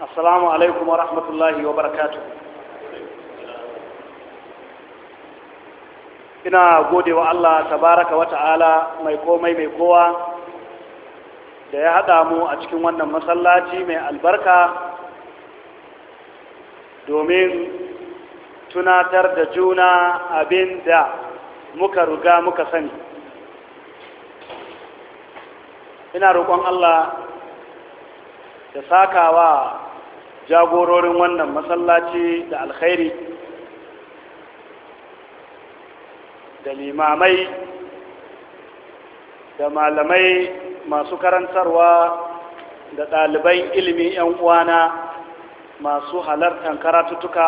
assalamu alaikum wa rahmatullahi wa barakatu ina gode wa Allah Ta baraka wa ta'ala mai komai mai kowa da ya haɗa mu a cikin wannan masallaci mai albarka domin tunatar da juna abin da muka ruga muka sani ina roƙon Allah da sakawa jagororin wannan masallaci da alkhairi da limamai da malamai masu karantarwa da ɗaliban ilimin 'yan uwana masu halartar karatuttuka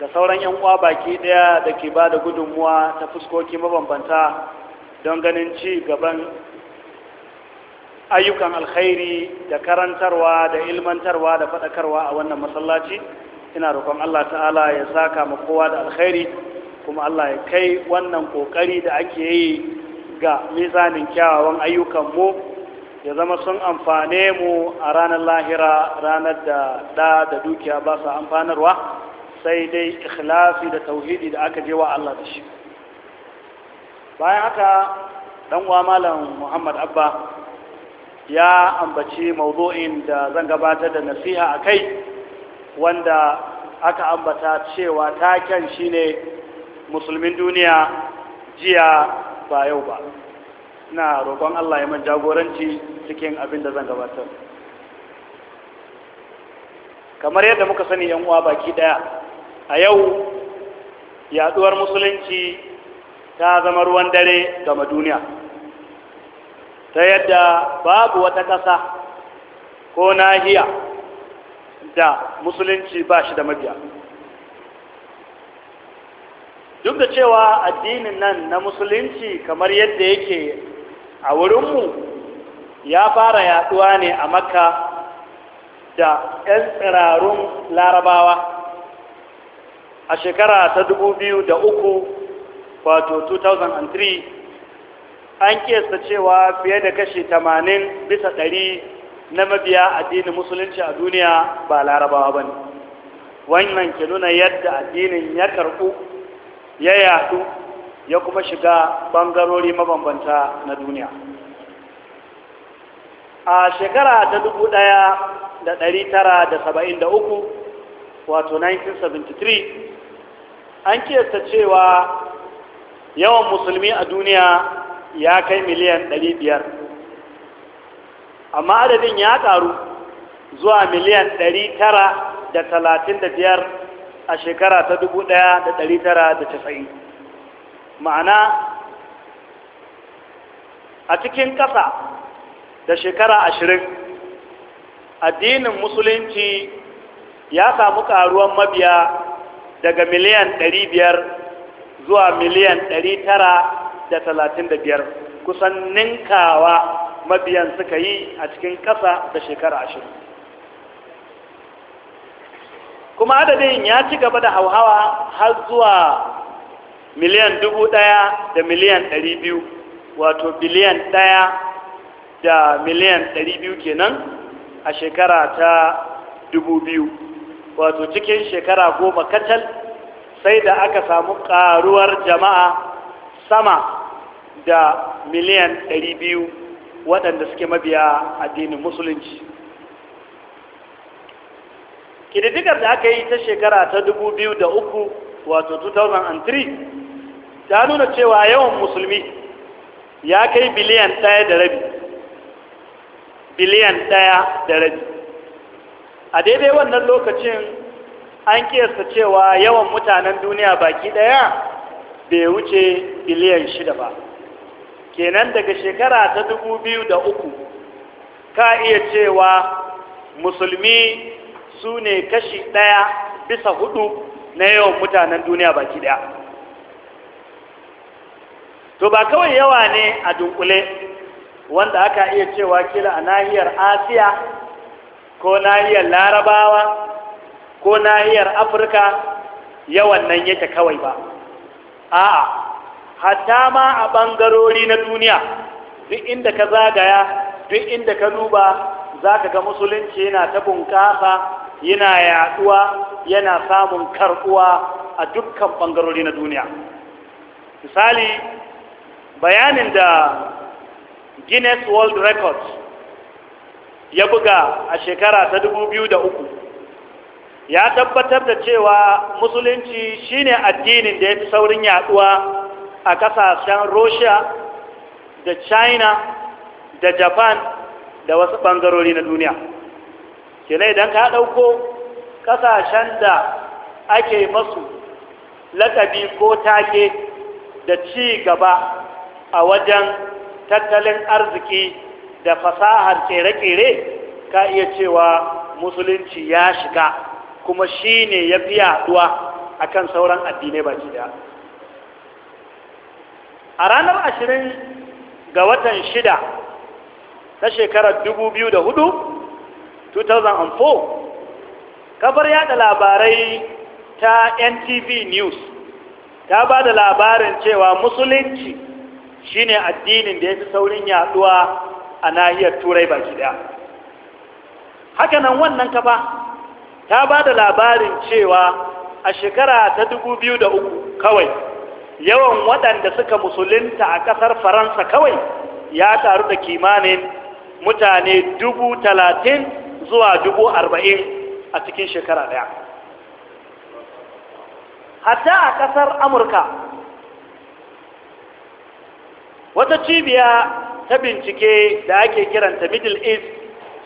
da sauran 'yan uwa baki ɗaya da ke ba da gudunmuwa ta fuskoki mabambanta don ganin ci gaban ayyukan alkhairi da karantarwa da ilmantarwa da faɗakarwa a wannan masallaci ina roƙon Allah ta'ala ya saka ma kowa da alkhairi kuma Allah ya kai wannan ƙoƙari da ake yi ga mizanin kyawawan ayyukanmu ya zama sun amfane mu a ranar lahira ranar da ɗa da dukiya ba su amfanarwa sai dai ikhlasi da tauhidi da aka je wa Allah da shi bayan haka ɗan uwa malam muhammad abba ya ambaci mawdu'in da zan gabatar da nasiha a kai wanda aka ambata cewa taken shine musulmin duniya jiya ba yau ba na roƙon Allah ya man jagoranci cikin abin da zan gabatar kamar yadda muka sani yan uwa baki daya a yau yaduwar musulunci ta zama ruwan dare gama duniya ta yadda babu wata ƙasa ko nahiya da musulunci ba shi da mabiya duk da cewa addinin nan na musulunci kamar yadda yake a wurinmu ya fara yaduwa ne a makka da 'yan tsirarun larabawa a shekara ta 2003 wato 2003 an kiyasta cewa fiye da kashi 80 bisa 100 na mabiya addinin musulunci a duniya ba larabawa ba ne wannan ke nuna yadda addinin ya karbu ya yadu ya kuma shiga bangarori mabambanta na duniya a shekara ta 1973 wato 1973 an kiyasta cewa yawan musulmi a duniya ya kai miliyan 500 amma adadin ya karu zuwa miliyan 935 a shekara ta 1990 ma'ana a cikin ƙasa da shekara ashirin addinin musulunci ya samu karuwan mabiya daga miliyan 500 zuwa miliyan 900 da talatin da biyar kusan ninkawa mabiyan suka yi a cikin ƙasa da shekara ashirin kuma adadin ya ci gaba da hauhawa har zuwa miliyan dubu ɗaya da miliyan ɗari biyu wato biliyan ɗaya da miliyan ɗari biyu kenan a shekara ta dubu biyu wato cikin shekara goma kacal sai da aka samu ƙaruwar jama'a sama da miliyan 200 waɗanda suke mabiya addinin musulunci ƙididdigar da aka yi ta shekara ta 2003 wato 2003 ta nuna cewa yawan musulmi ya kai biliyan ɗaya da rabi biliyan ɗaya da rabi a daidai wannan lokacin an kiyasta cewa yawan mutanen duniya baki ɗaya bai wuce biliyan shida ba kenan daga shekara ta dubu biyu da uku ka iya cewa musulmi su ne kashi ɗaya bisa hudu na yawan mutanen duniya baki ɗaya to ba kawai yawa ne a dunkule wanda aka iya cewa kila a nahiyar asiya ko nahiyar larabawa ko nahiyar afirka yawan nan yake kawai ba a'a hatta ma a ɓangarori na duniya duk inda ka zagaya duk inda ka duba za ka ga musulunci yana ta bunƙasa yana yaɗuwa, yana samun karɓuwa a dukkan bangarori na duniya misali bayanin da guinness world records ya buga a shekara ta 2003 ya tabbatar da cewa musulunci shine addinin da ya fi saurin yaduwa a kasashen russia da china da japan da wasu bangarori na duniya kila idan ka ɗauko kasashen da ake masu lakabi ko take da ci gaba a wajen tattalin arziki da fasahar kere-kere ka iya cewa musulunci ya shiga kuma shi ne ya fi yaduwa a kan sauran addinai baki daya a ranar ashirin ga watan shida na shekarar da 2004 2004 kafar yada labarai ta ntv news ta ba da labarin cewa musulunci shine addinin da ya fi saurin yaduwa a nahiyar turai baki daya hakanan wannan kafa ta ba da labarin cewa a shekara ta da uku kawai yawan waɗanda suka musulunta a ƙasar faransa kawai ya taru da kimanin mutane dubu talatin zuwa dubu arba'in a cikin shekara ɗaya hatta a ƙasar amurka wata cibiya ta bincike da ake kiranta middle east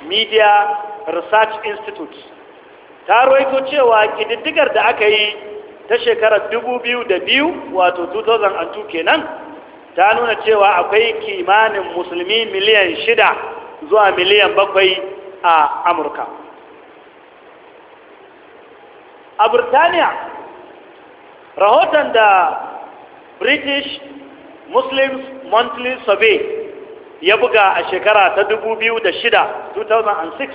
media research institute ta roiko cewa ƙididdigar da aka yi ta shekarar 2002 wato 2002 kenan ta nuna cewa akwai kimanin musulmi miliyan shida zuwa miliyan bakwai a amurka a burtaniya rahoton da british muslims monthly survey ya buga a shekara ta 2006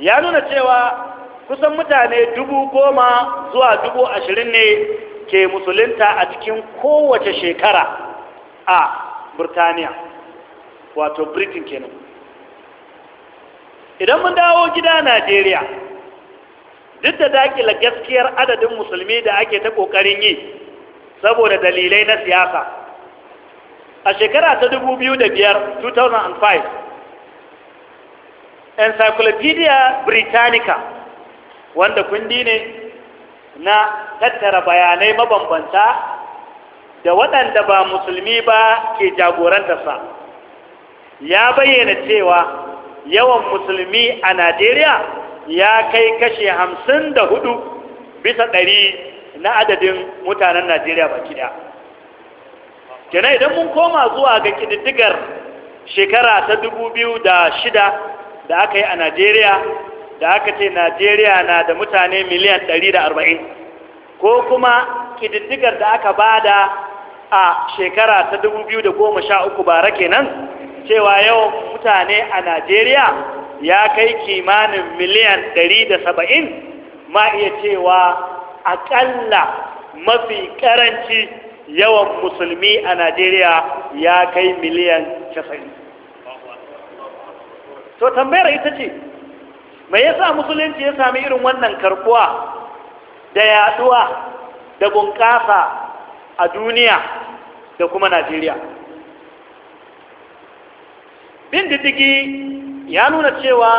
ya nuna cewa kusan mutane dubu goma zuwa dubu ashirin ne ke musulunta a cikin kowace shekara a burtaniya wato britain kenan idan mun dawo gida najeriya duk da dakila gaskiyar adadin musulmi da ake ta ƙoƙarin yi saboda dalilai na siyasa a shekara ta da biyar 2005 encyclopedia britannica wanda kundi ne na tattara bayanai mabambanta da waɗanda ba musulmi ba ke jagorantarsa ya bayyana cewa yawan musulmi a najeriya ya kai kashe hamsin da hudu bisa ɗari na adadin mutanen najeriya baki ɗaya kenan idan mun koma zuwa ga ƙididdigar shekara ta dubu biyu da shida da aka yi a najeriya da aka ce najeriya na da mutane miliyan ɗari da arba'in ko kuma ƙididdigar da aka bada a shekara ta 2013 bara kenan cewa yawan mutane a najeriya ya kai kimanin miliyan 170 ma iya cewa aƙalla mafi ƙaranci yawan musulmi a najeriya ya kai miliyan 90 to tambayar ita ce me yasa musulunci ya sami irin wannan karkuwa da yaduwa da bunƙasa a duniya da kuma najeriya bin diddigi ya nuna cewa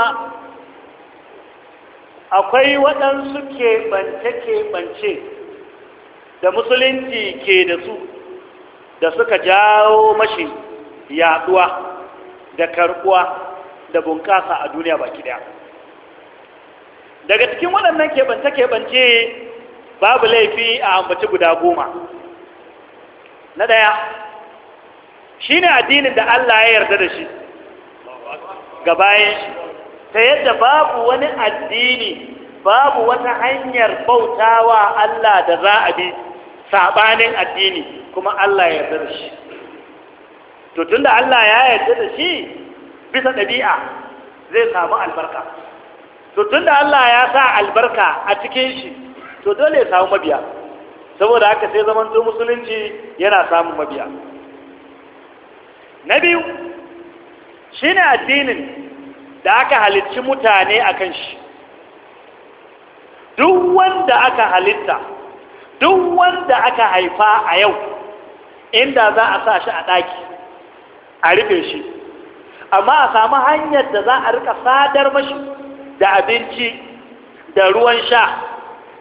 akwai waɗansu keɓance-keɓance da musulunci ke da su da suka jawo mashi yaduwa da karkuwa da bunƙasa a duniya baki ɗaya. daga cikin waɗannan keɓance-keɓance babu laifi a ambaci guda goma na ɗaya shi ne addinin da Allah ya yarda da shi ga bayan shi ta yadda babu wani addini babu wata hanyar bautawa Allah da za a bi saɓanin addini kuma Allah ya yarda da shi to tun da Allah ya yarda da shi bisa ɗabi'a zai samu albarka to da Allah ya sa albarka a cikin shi to dole ya samu mabiya saboda haka sai to musulunci yana samun mabiya na biyu shine addinin da aka halicci mutane akan shi duk wanda aka halitta duk wanda aka haifa a yau inda za a sa shi a ɗaki a rufe shi amma a samu hanyar da za a rika sadar mashi da abinci da ruwan sha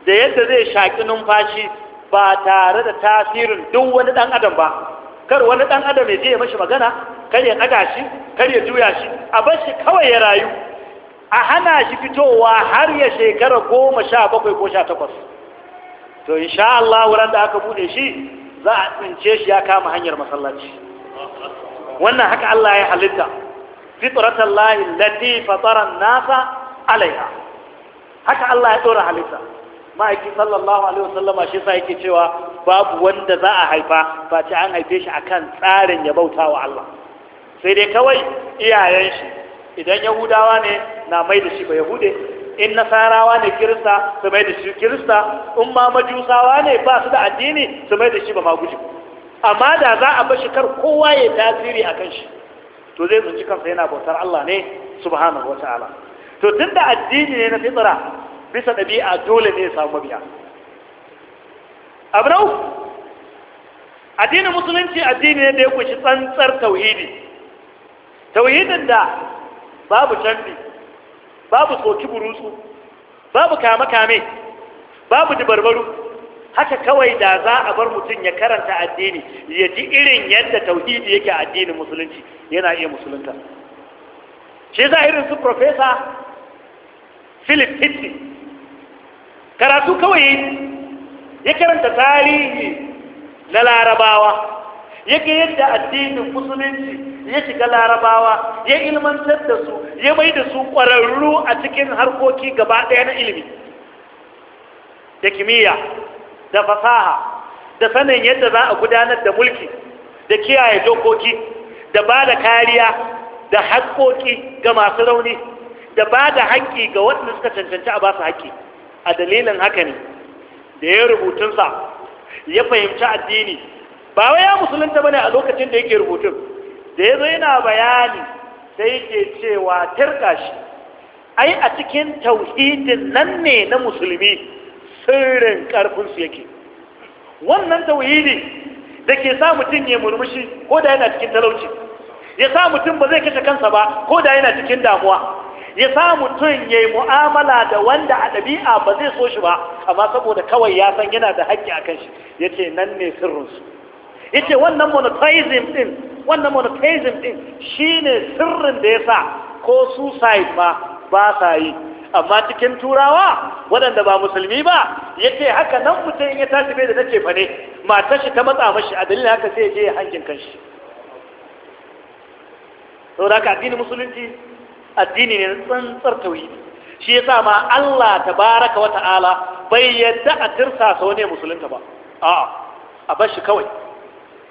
da yadda zai shaƙi numfashi ba tare da tasirin duk wani ɗan adam ba kar wani ɗan adam ya je ya mashi magana kar ya ɗaga shi kar ya juya shi a bar shi kawai ya rayu a hana shi fitowa har ya shekara goma sha bakwai ko sha takwas to sha Allah wurin da aka buɗe shi za a tsince shi ya kama hanyar masallaci wannan haka Allah ya halitta fitratallahi lati fatara nasa alaiha haka Allah ya tsora halitta ma'aiki sallallahu alaihi wasallama shi sa yake cewa babu wanda za a haifa ba ce an haife shi akan tsarin ya bauta wa Allah sai dai kawai iyayen shi idan yahudawa ne na mai da shi ba yahude in nasarawa ne kirista su mai da shi kirista in ma majusawa ne ba su da addini su mai da shi ba maguji amma da za a bashi kar kowa ya tasiri akan shi to zai tsinci kansa yana bautar Allah ne subhanahu wataala to tun da addini ne na fitsira bisa ɗabi'a dole ne ya samu mabiya abu addinin musulunci addini ne da ya kunshi tsantsar tauhidi tauhidin da babu canji babu soki burutsu babu kame-kame babu dubarbaru haka kawai da za a bar mutum ya karanta addini ya ji irin yadda tauhidi yake addinin musulunci yana iya musulunta shi za irin su profesa philip hitti karatu kawai ya karanta tarihi na larabawa yake yadda addinin musulunci ya shiga larabawa ya ilmantar da su ya mai da su ƙwararru a cikin harkoki gaba ɗaya na ilimi da kimiyya da fasaha da sanin yadda za a gudanar da mulki da kiyaye dokoki da ba da kariya da haƙoƙi ga masu rauni da ba da haƙƙi ga waɗanda suka cancanci a ba su haƙƙi a dalilin haka ne da ya rubutunsa ya fahimci addini ba wai ya musulunta bane a lokacin da yake rubutun da ya zo yana bayani sai ke cewa tirka shi ai a cikin tauhidin nan ne na musulmi sirrin ƙarfinsu yake wannan tauhidi da ke sa mutum ya murmushi ko da yana cikin talauci ya sa mutum ba zai kashe kansa ba ko da yana cikin damuwa ya sa mutum ya yi mu'amala da wanda a ɗabi'a ba zai so shi ba amma saboda kawai ya san yana da haƙƙi a kan shi ya ce nan ne sirrinsu ya ce wannan monotheism ɗin wannan monotheism ɗin shi ne sirrin da ya sa ko suicide ma ba sa yi amma cikin turawa waɗanda ba musulmi ba ya ce haka nan mutum ya tashi bai da na cefa ne matar shi ta matsa mashi a dalilin haka sai ya je ya hankin kanshi saboda haka addinin musulunci addini ne tsantsar tauhidi shi yasa ma Allah tabaraka wa ta'ala bai yadda a tirsasa wani musulunta ba a'a a bar shi kawai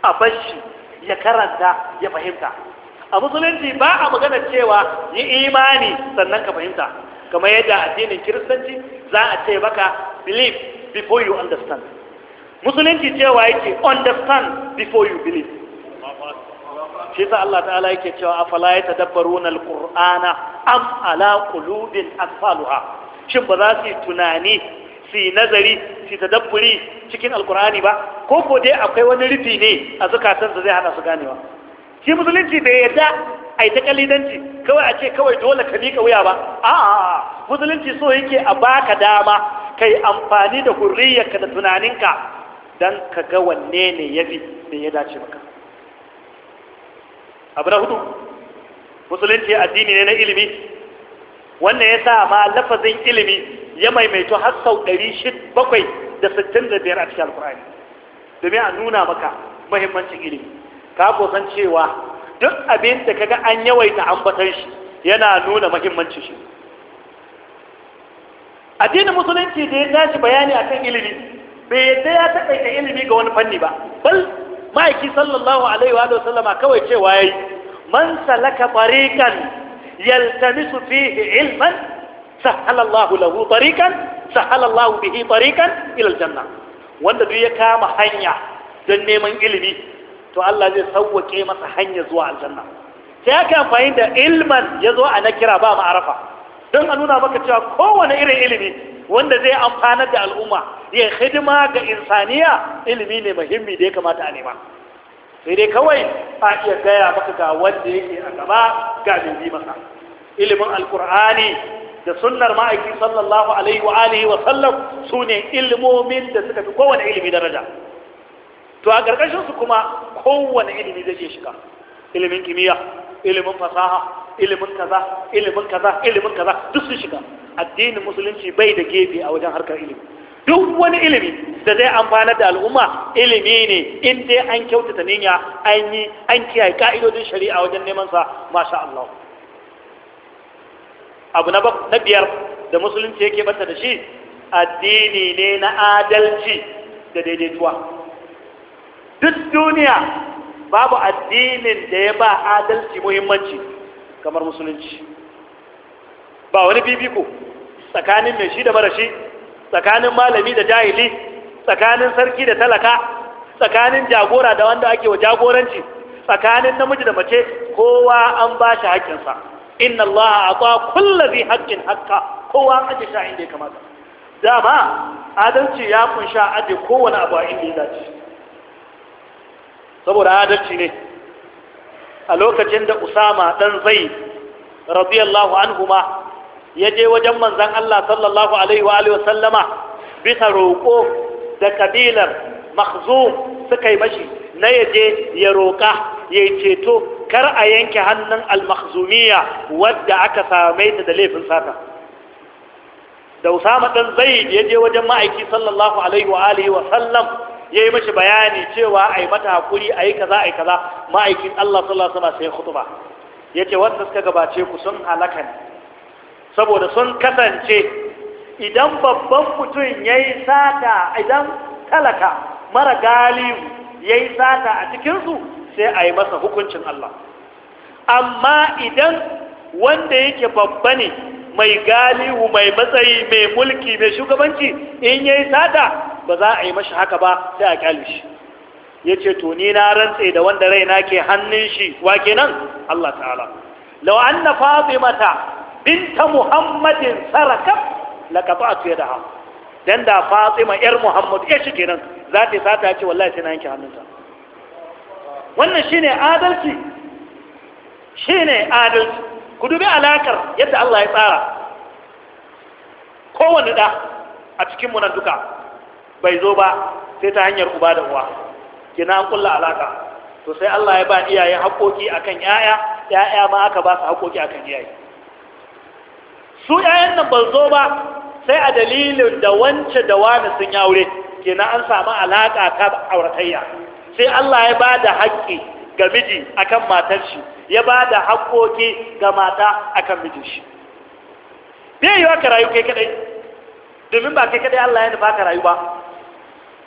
a bar shi ya karanta ya fahimta a musulunci ba a magana cewa yi imani sannan ka fahimta kamar yadda addinin kiristanci za a ce baka believe before you understand musulunci cewa yake understand before you believe shi yasa Allah ta'ala yake cewa afala ta alqur'ana am ala qulubin asfaluha shin ba za su tunani su nazari su tadabburi cikin alqur'ani ba ko ko dai akwai wani rufi ne a zakatan da zai hana su ganewa shi musulunci bai yadda a yi ta kalidanci kawai a ce kawai dole ka miƙa wuya ba a'a musulunci so yake a baka dama kai amfani da hurriyarka da tunaninka don ka ga wanne ne ya fi me ya dace maka abu na hudu musulunci addini ne na ilimi wannan ya sa ma lafazin ilimi ya maimaito har sau bakwai da sittin da biyar a cikin alkur'ani domin a nuna maka mahimmancin ilimi ka san cewa duk abin da kaga an yawaita ambatan shi yana nuna mahimmancin shi addinin musulunci da ya tashi bayani akan ilimi bai yadda ya taƙaita ilimi ga wani fanni ba bal ma'aiki sallallahu alaihi wa sallama kawai cewa yayi man salaka tariqan yaltamisu fihi ilman sahala lahu tariqan sahala bihi tariqan ila aljanna wanda duk ya kama hanya don neman ilimi to Allah zai sauwake masa hanya zuwa aljanna sai aka amfani da ilman ya zo a nakira ba ma'arafa don a nuna maka cewa kowane irin ilimi wanda zai amfana da al'umma ya hidima ga insaniya ilimi ne muhimmi da ya kamata a nema sai dai kawai a iya gaya maka ga wanda yake a gaba ga bindi masa ilimin alkur'ani da sunnar ma'aiki sallallahu alaihi wa alihi wa sallam su ne ilmomin da suka fi kowane ilimi daraja to a ƙarƙashinsu kuma kowane ilimi zai shiga ilimin kimiyya ilimin fasaha ilimin kaza ilimin kaza ilimin kaza duk sun shiga addinin musulunci bai da gefe a wajen harkar ilimi duk wani ilimi da zai amfanar da al'umma ilimi ne in dai an kyautata niyya an yi an kiyaye ka'idodin shari'a wajen neman sa masha Allah abu na biyar da musulunci yake banta da shi addini ne na adalci da daidaituwa duk duniya babu addinin da ya ba adalci muhimmanci kamar musulunci ba wani bibiko tsakanin mai shi da marashi tsakanin malami da jahili tsakanin sarki da talaka tsakanin jagora da wanda ake wa jagoranci tsakanin namiji da mace kowa an ba shi haƙƙinsa inna Allah a kwa kullazi haƙƙin haƙƙa kowa an sha'in inda ya kamata dama adalci ya kunsha aje kowane abu a inda ya saboda adalci ne a lokacin da usama dan zai radiyallahu anhuma ya je wajen manzan Allah sallallahu alaihi wa alihi wasallama bisa roƙo da kabilar makhzum suka yi mashi na yaje ya roƙa ya yi ceto kar a yanke hannun al-makhzumiyya wadda aka same ta da laifin sata da usama dan zai ya je wajen ma'aiki sallallahu alaihi wa alihi wa sallam ya yi mashi bayani cewa a yi mata hakuri a yi kaza a yi kaza ma'aikin Allah sallallahu sai khutba ya ce wanda suka gabace ku sun halaka ne saboda sun kasance idan babban mutum ya yi sata idan talaka mara galibu ya yi sata a cikinsu sai a yi masa hukuncin Allah amma idan wanda yake babba ne mai galihu mai matsayi mai mulki mai shugabanci in yayi sata ba za a yi mashi haka ba sai a kyale shi ya ce to ni na rantse da wanda raina ke hannun shi wa kenan Allah ta'ala law anna fatimata binta muhammadin sarakat laqata'tu yadaha dan da fatima yar muhammad ya shi kenan za ta sata ce wallahi sai na yanke ta. wannan shine adalci shine adalci ku dubi alakar yadda Allah ya tsara kowanne da a cikin mu nan duka bai zo ba sai ta hanyar uba da uwa kina an kulla alaka to sai Allah ya ba iyaye haƙoƙi akan yaya yaya ma aka ba su haƙoƙi akan iyaye su yayan nan ban zo ba sai a dalilin da wance da wani sun ya aure kina an samu alaka ta auratayya sai Allah ya ba da haƙƙi ga miji akan matar shi ya ba da haƙoƙi ga mata akan mijin shi bai yi ka rayu kai kadai domin ba kai kadai Allah ya nufa ka rayu ba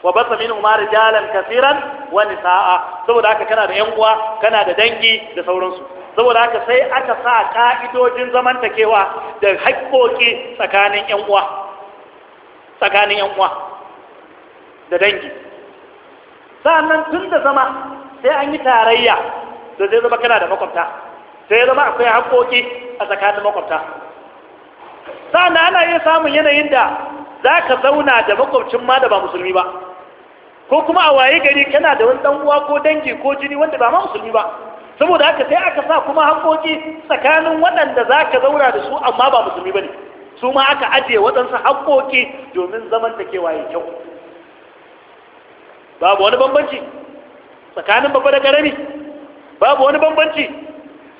wa basa min umar rijalan kaseeran wa nisaa saboda haka kana da yan uwa kana da dangi da sauransu saboda haka sai aka sa ka'idojin zamantakewa da haƙƙoƙi tsakanin yan uwa tsakanin yan uwa da dangi sa'annan tun da zama sai an yi tarayya da zai zama kana da makwabta sai zama akwai haƙƙoƙi a tsakanin makwabta sa'annan ana iya samun yanayin da za ka zauna da makwabcin ma da ba musulmi ba ko kuma a waye gari kana da wani dan uwa ko dangi ko jini wanda ba ma musulmi ba saboda haka sai aka sa kuma haƙoƙi tsakanin waɗanda za ka zauna da su amma ba musulmi ba ne su ma aka ajiye waɗansu haƙoƙi domin zaman da kewa kyau babu wani bambanci tsakanin babba da ƙarami babu wani bambanci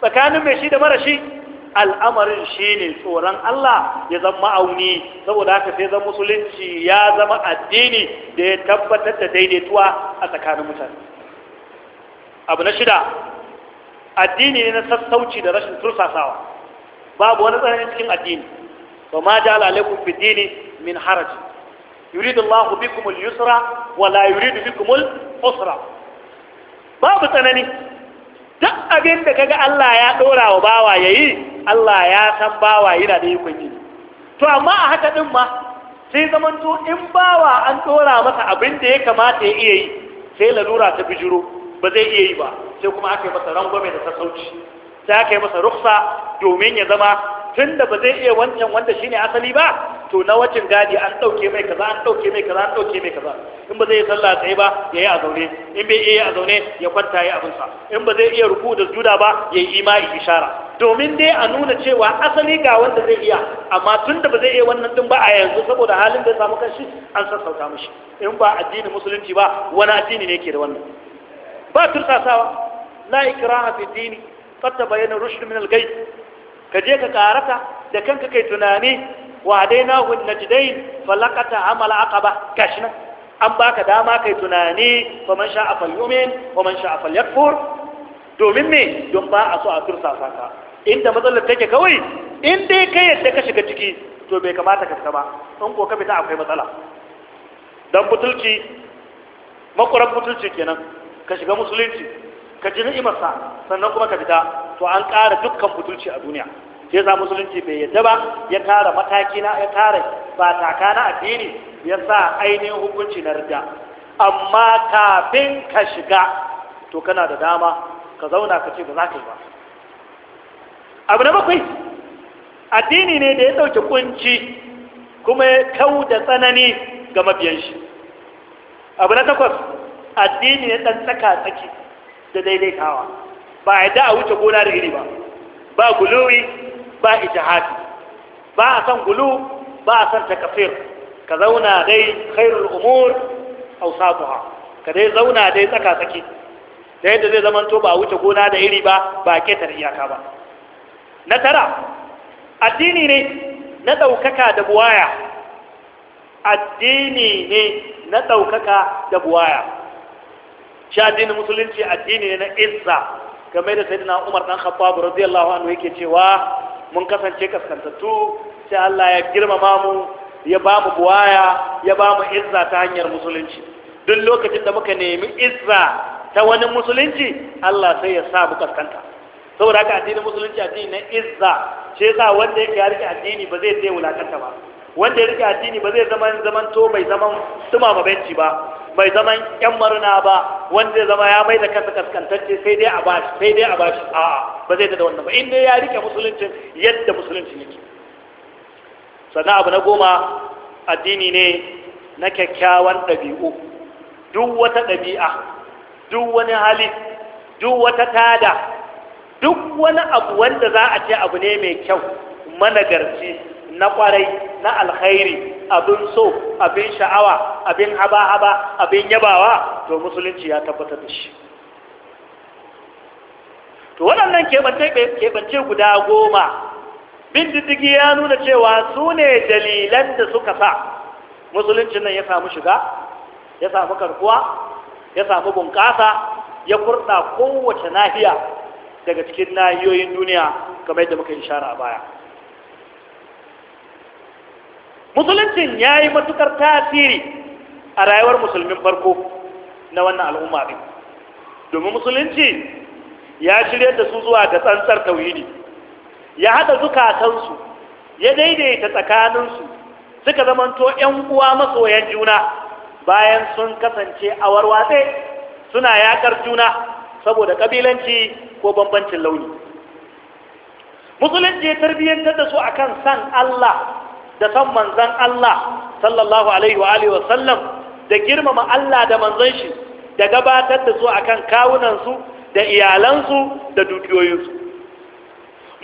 tsakanin mai shi da mara shi al'amarin shine tsoron Allah ya zama auni saboda haka sai zama musulunci ya zama addini da ya tabbatar da daidaituwa a tsakanin mutane abu na shida addini ne na sassauci da rashin tursasawa babu wani tsananin cikin addini wa ma ja alaikum fi dini min haraj yuridu Allahu bikum al-yusra wala yuridu bikum al-usra babu tsanani duk abin da kaga Allah ya dora wa bawa yayi Allah ya san bawa yana da ikon yi to amma a haka din ma sai zamanto in bawa an dora masa abin da ya kamata ya iya yi sai lalura ta bijiro ba zai iya yi ba sai kuma aka yi masa rangwame da sassauci sai aka yi masa ruksa domin ya zama tun da ba zai iya wancan wanda shine asali ba to na wacin gadi an ɗauke mai kaza an ɗauke mai kaza an ɗauke mai kaza in ba zai yi sallah tsaye ba ya yi a zaune in bai iya a zaune ya kwanta ya abin abinsa in ba zai iya ruku da juda ba ya yi imai ishara domin dai a nuna cewa asali ga wanda zai iya amma tun da ba zai iya wannan din ba a yanzu saboda halin da ya samu kanshi an sassauta mishi in ba addinin musulunci ba wani addini ne ke da wannan ba tursasawa la ikraha fi dini qad tabayyana rushd min al-ghayb ka je ka karata da kanka kai tunani wa dai na dai, najdai falakata amala aqaba kashna an baka dama kai tunani fa man sha'a falyumin wa man sha'a falyakfur domin me don ba a so a tursa saka inda matsalar take kawai in dai kai yadda ka shiga ciki to bai kamata ka ba in ko ka fita akwai matsala dan butulci makuran butulci kenan ka shiga musulunci ka ji ni'imarsa sannan kuma ka fita to an ƙara dukkan butulci a duniya sai za musulunci bai yadda ba ya kara mataki na ya ƙara ba taka na addini ya sa ainihin hukunci na rida amma kafin ka shiga to kana da dama ka zauna ka ce ba za ka yi ba abu na bakwai addini ne da ya ɗauke kunci kuma ya kau da tsanani ga mabiyan shi abu na takwas addini ne ɗan tsaka tsaki da daidaitawa ba a da a wuce gona da iri ba ba guluwi ba ijihadi ba a san gulu ba a san takafir ka zauna dai khairul umur awsatuha ka dai zauna dai tsaka tsaki da yadda zai zama to ba a wuce gona da iri ba ba ketar iyaka ba na tara addini ne na daukaka da buwaya addini ne na ɗaukaka da buwaya shi addinin musulunci addini ne na izza game da sayyidina Umar dan Khattab radiyallahu anhu yake cewa mun kasance kaskantattu sai Allah ya girmama mu ya ba mu buwaya ya ba mu izza ta hanyar musulunci duk lokacin da muka nemi izza ta wani musulunci Allah sai ya sa mu kaskanta saboda haka addinin musulunci addini na izza shi sa wanda yake rike addini ba zai sai wulakanta ba wanda ya rike addini ba zai zaman zaman to mai zaman tumama benci ba bai zama yan marina ba wanda ya zama ya mai da kasa kaskantacce sai dai a bashi sai dai a bashi a'a ba zai da wannan ba inda ya rike musuluncin yadda musuluncin yake sannan abu na goma addini ne na kyakkyawan ɗabi'u duk wata ɗabi'a duk wani hali duk wata tada duk wani abu wanda za a ce abu ne mai kyau managarci na kwarai na alkhairi abin so abin sha'awa abin haba-haba abin yabawa to musulunci ya tabbatar da shi to waɗannan keɓance guda goma bin diddigi ya nuna cewa su ne dalilan da suka sa musuluncin nan ya samu shiga ya samu karkuwa ya samu bunƙasa ya kurɗa kowace nahiya daga cikin nahiyoyin duniya kamar yadda muka yi shara a baya musuluncin ya yi matukar tasiri a rayuwar musulmin farko na wannan al'umma ɗin domin musulunci ya shirya da su zuwa ga tsantsar tauhidi ya haɗa zukatansu ya daidaita tsakaninsu suka zamanto 'yan uwa masoyan juna bayan sun kasance a warwatse suna yakar juna saboda ƙabilanci ko bambancin launi musulunci ya tarbiyyantar da su akan san Allah da san manzan Allah sallallahu alaihi wa wasallam da girmama Allah da manzan shi da gabatar da su akan kawunansu da iyalansu da dukiyoyinsu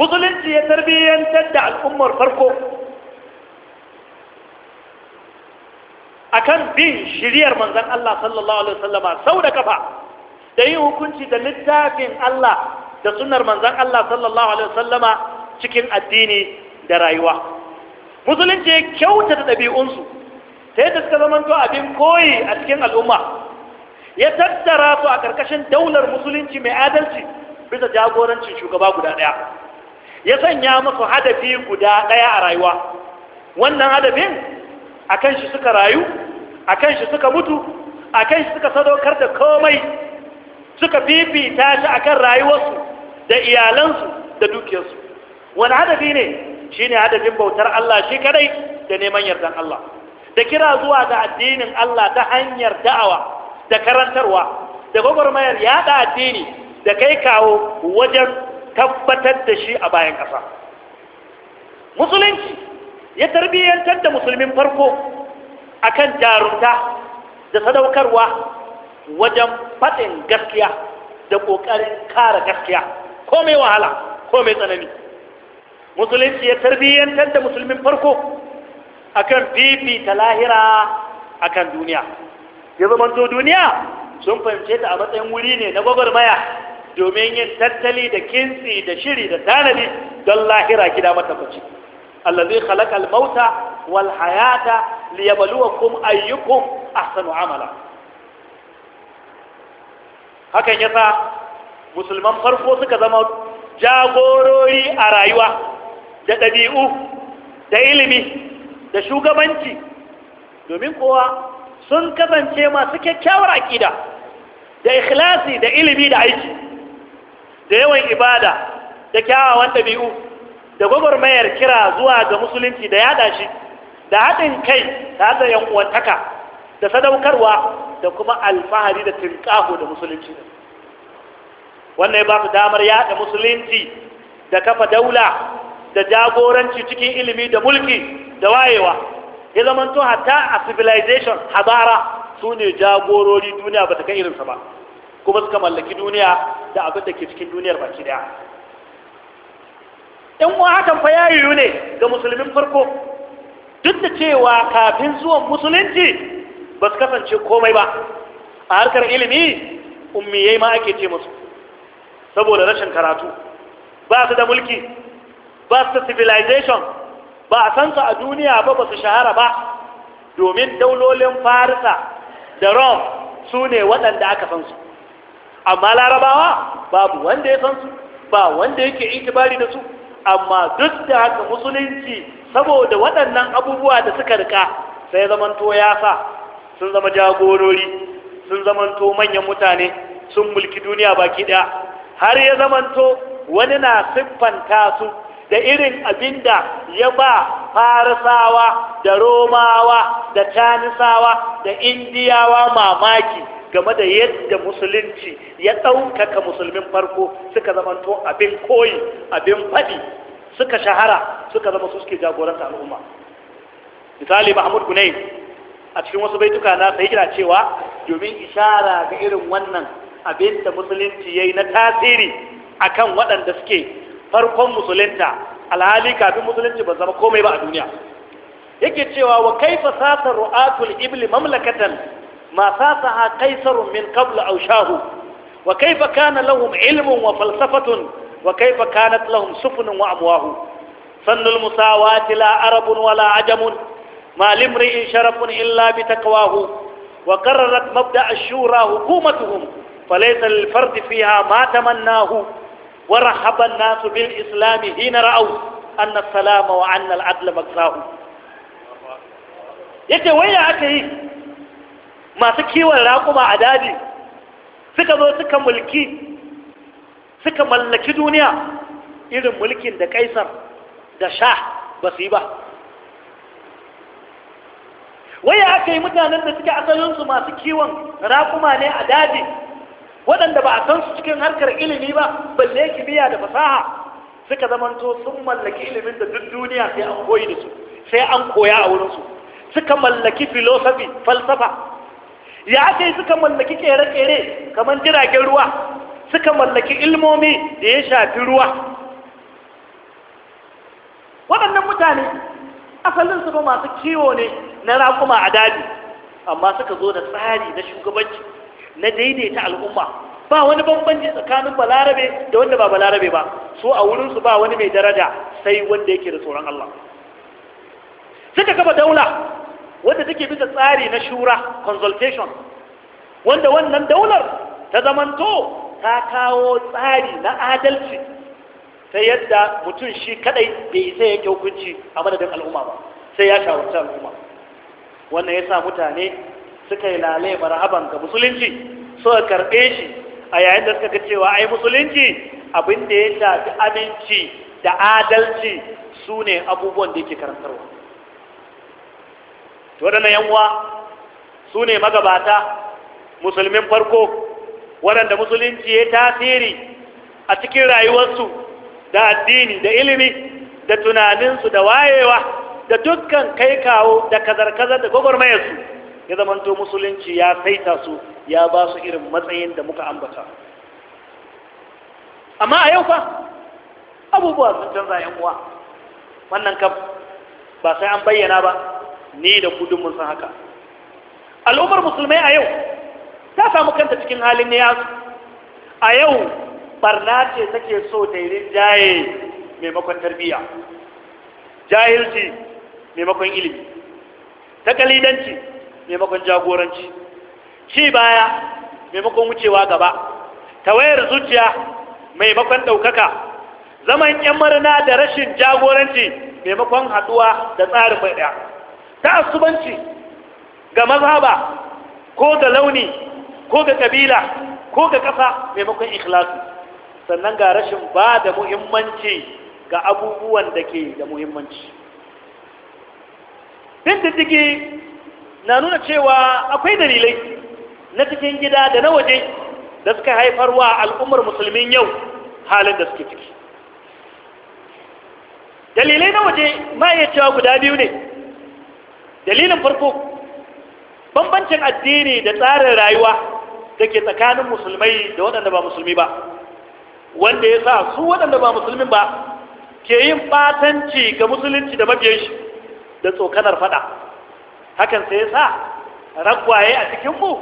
musulunci ya tarbiyyantar da al'ummar farko akan bin shiriyar manzan Allah sallallahu alaihi wasallama sau da kafa da yin hukunci da littafin Allah da sunar manzan Allah sallallahu alaihi wasallama cikin addini da rayuwa musulunci ya kyautata ɗabi'unsu ta yadda suka zamanto abin koyi a cikin al'umma ya tattara su a ƙarƙashin daular musulunci mai adalci bisa jagorancin shugaba guda ɗaya ya sanya musu hadafi guda ɗaya a rayuwa wannan hadafin a kan shi suka rayu a kan shi suka mutu a kan shi suka sadaukar da komai suka fifita shi a kan rayuwarsu da iyalansu da dukiyarsu wani hadafi ne shine hadafin bautar Allah shi kadai da neman yardan Allah da kira zuwa ga addinin Allah ta hanyar da'awa da karantarwa da gwagwarmayar yaɗa addini da kai kawo wajen tabbatar da shi a bayan ƙasa musulunci ya tarbiyyantar da musulmin farko akan jarumta da sadaukarwa wajen faɗin gaskiya da ƙoƙarin kare gaskiya ko mai wahala ko mai tsanani musulunci ya tarbiyyantar da musulmin farko akan fifita lahira akan duniya ya zama to duniya sun fahimce ta a matsayin wuri ne na gwagwarmaya domin yin tattali da kintsi da shiri da tanadi don lahira gida matafaci allazi khalaqal mauta wal hayata liyabluwakum ayyukum ahsanu amala hakan yasa musulman farko suka zama jagorori a rayuwa da ɗabi'u da ilimi da shugabanci domin kowa sun kasance masu kyakkyawar aƙida da ikhlasi da ilimi da aiki da yawan ibada da kyawawan ɗabi'u da gwagwarmayar kira zuwa ga musulunci da yada shi da haɗin kai da haɗa yankuwantaka da sadaukarwa da kuma alfahari da tinƙaho da musulunci wannan ya ba su damar yada musulunci da kafa daula da jagoranci cikin ilimi da mulki da wayewa ya zamanto hatta a civilization habara su ne jagorori duniya ba ta kai irinsa ba kuma suka mallaki duniya da abin da ke cikin duniyar baki daya in wa hakan fa yayiyu ne ga musulmin farko duk da cewa kafin zuwan musulunci ba su kasance komai ba a harkar ilimi ummiyai ma ake ce musu saboda rashin karatu ba su da mulki ba su civilization ba a san su a duniya ba ba su shahara ba domin daulolin farisa da rome su ne waɗanda aka san su amma larabawa babu wanda ya san su ba wanda yake itibari da su amma duk da haka musulunci saboda waɗannan abubuwa da suka rika sai zamanto ya sa sun zama jagorori sun zamanto manyan mutane sun mulki duniya baki ɗaya har ya zamanto wani na siffanta su da irin abinda ya ba farisawa da romawa da tanisawa da indiyawa mamaki game da yadda musulunci ya ɗaukaka musulmin farko suka zamanto abin koyi abin faɗi suka shahara suka zama su suke jagoranta al'umma misali mahmud gunayi a cikin wasu baituka na sai yana cewa domin ishara ga irin wannan abin da musulunci ya yi na tasiri akan waɗanda suke farkon musulunta alhali kafin musulunci ba zama komai ba a duniya yake cewa wa kaifa sasa ru'atul ibli mamlakatan ma sasaha kaisarun min qabla aw shahu wa kaifa kana lahum ilmun wa falsafatun wa kaifa kanat lahum sufunun wa amwahu sannul musawati la arabun wala ajamun ما لامرئ شرف إلا بتقواه وقررت shura الشورى حكومتهم فليس للفرد فيها ما تمناه ورحب الناس بالإسلام حين رأوا أن السلام وأن العدل مكساه yace wai ya aka yi masu kiwon raƙuma a daji suka zo suka mulki suka mallaki duniya irin mulkin da kaisar da sha ba su yi ba wai aka yi mutanen da suke asalinsu masu kiwon raƙuma ne a daji waɗanda ba a san su cikin harkar ilimi ba balle kimiyya da fasaha suka zamanto sun mallaki ilimin da duk duniya sai an koyi da su sai an koya a wurinsu suka mallaki filosofi falsafa ya ake suka mallaki kere-kere kamar jiragen ruwa suka mallaki ilmomi da ya shafi ruwa waɗannan mutane asalinsu ba masu kiwo ne na raƙuma a daji amma suka zo da tsari na shugabanci na daidaita al'umma ba wani bambanci tsakanin balarabe da wanda ba balarabe ba su a wurinsu ba wani mai daraja sai wanda yake da tsoron Allah suka kafa daula wanda take bisa tsari na shura consultation wanda wannan daular ta zamanto ta kawo tsari na adalci ta yadda mutum shi kadai bai isa yake hukunci a madadin al'umma ba sai ya shawarci al'umma wannan ya sa mutane suka yi lalai marhaban ga musulunci suka karɓe shi a yayin da suka ga cewa ai musulunci abinda ya shafi aminci da adalci su ne abubuwan da yake karantarwa waɗannan yanwa su ne magabata musulmin farko waɗanda musulunci ya tasiri a cikin rayuwarsu da addini da ilimi da tunaninsu da wayewa da dukkan kai kawo da kazar-kazar da gwagwarmayarsu ya zamanto musulunci ya saita su ya ba su irin matsayin da muka ambata amma a yau fa abubuwa sun canza yan uwa wannan kam ba sai an bayyana ba ni da kudin mun san haka al'ummar musulmai a yau ta samu kanta cikin halin yasu a yau barna ce take so da irin jaye maimakon tarbiyya jahilci maimakon ilimi ta kalidanci maimakon jagoranci ci baya maimakon wucewa gaba tawayar zuciya maimakon ɗaukaka zaman yan marina da rashin jagoranci maimakon haɗuwa da tsarin bai ɗaya asubanci ga mazhaba ko ga launi ko ga ƙabila ko ga ƙasa maimakon ikhlasu sannan ga rashin ba da muhimmanci ga abubuwan da ke da muhimmanci bin diddigi na nuna cewa akwai dalilai na cikin gida da na waje da suka haifar wa al'ummar musulmin yau halin da suke ciki dalilai na waje ma iya cewa guda biyu ne dalilin farko bambancin addini da tsarin rayuwa da ke tsakanin musulmai da waɗanda ba musulmi ba wanda ya sa su waɗanda ba musulmin ba ke yin batanci ga musulunci da mabiyan da tsokanar fada hakan sai yasa ragwaye a cikin mu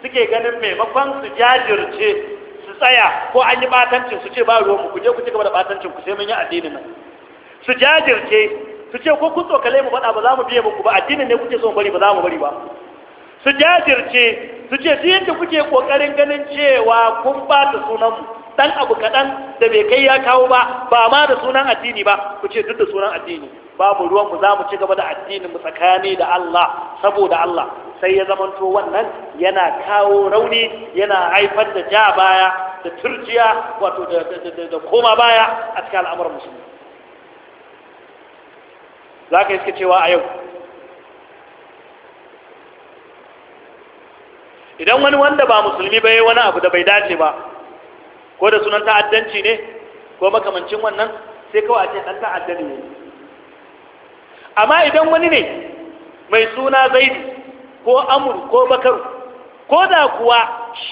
suke ganin maimakon su jajirce su tsaya ko an yi batancin su ce ba ruwan mu ku je ku ci gaba da batancin ku sai mun yi addini nan su jajirce su ce ko kun tsokale mu faɗa ba za mu biye muku ba addinin ne kuke son bari ba za mu bari ba su jajirce su ce duk yadda kuke kokarin ganin cewa kun ba ta sunan mu dan abu kaɗan da bai kai ya kawo ba ba ma da sunan addini ba ku ce duk da sunan addini babu ruwan mu za mu ci gaba da addinin mu tsakani da Allah saboda Allah sai ya zamanto wannan yana kawo rauni yana haifar da ja baya da turjiya wato da koma baya a cikin al'amuran musulmi za ka iske cewa a yau idan wani wanda ba musulmi bai wani abu da bai dace ba ko da sunan ta'addanci ne ko makamancin wannan sai kawai a ce ɗan ta'addani ne amma idan wani ne mai suna zaidi ko amur ko Bakar, ko da kuwa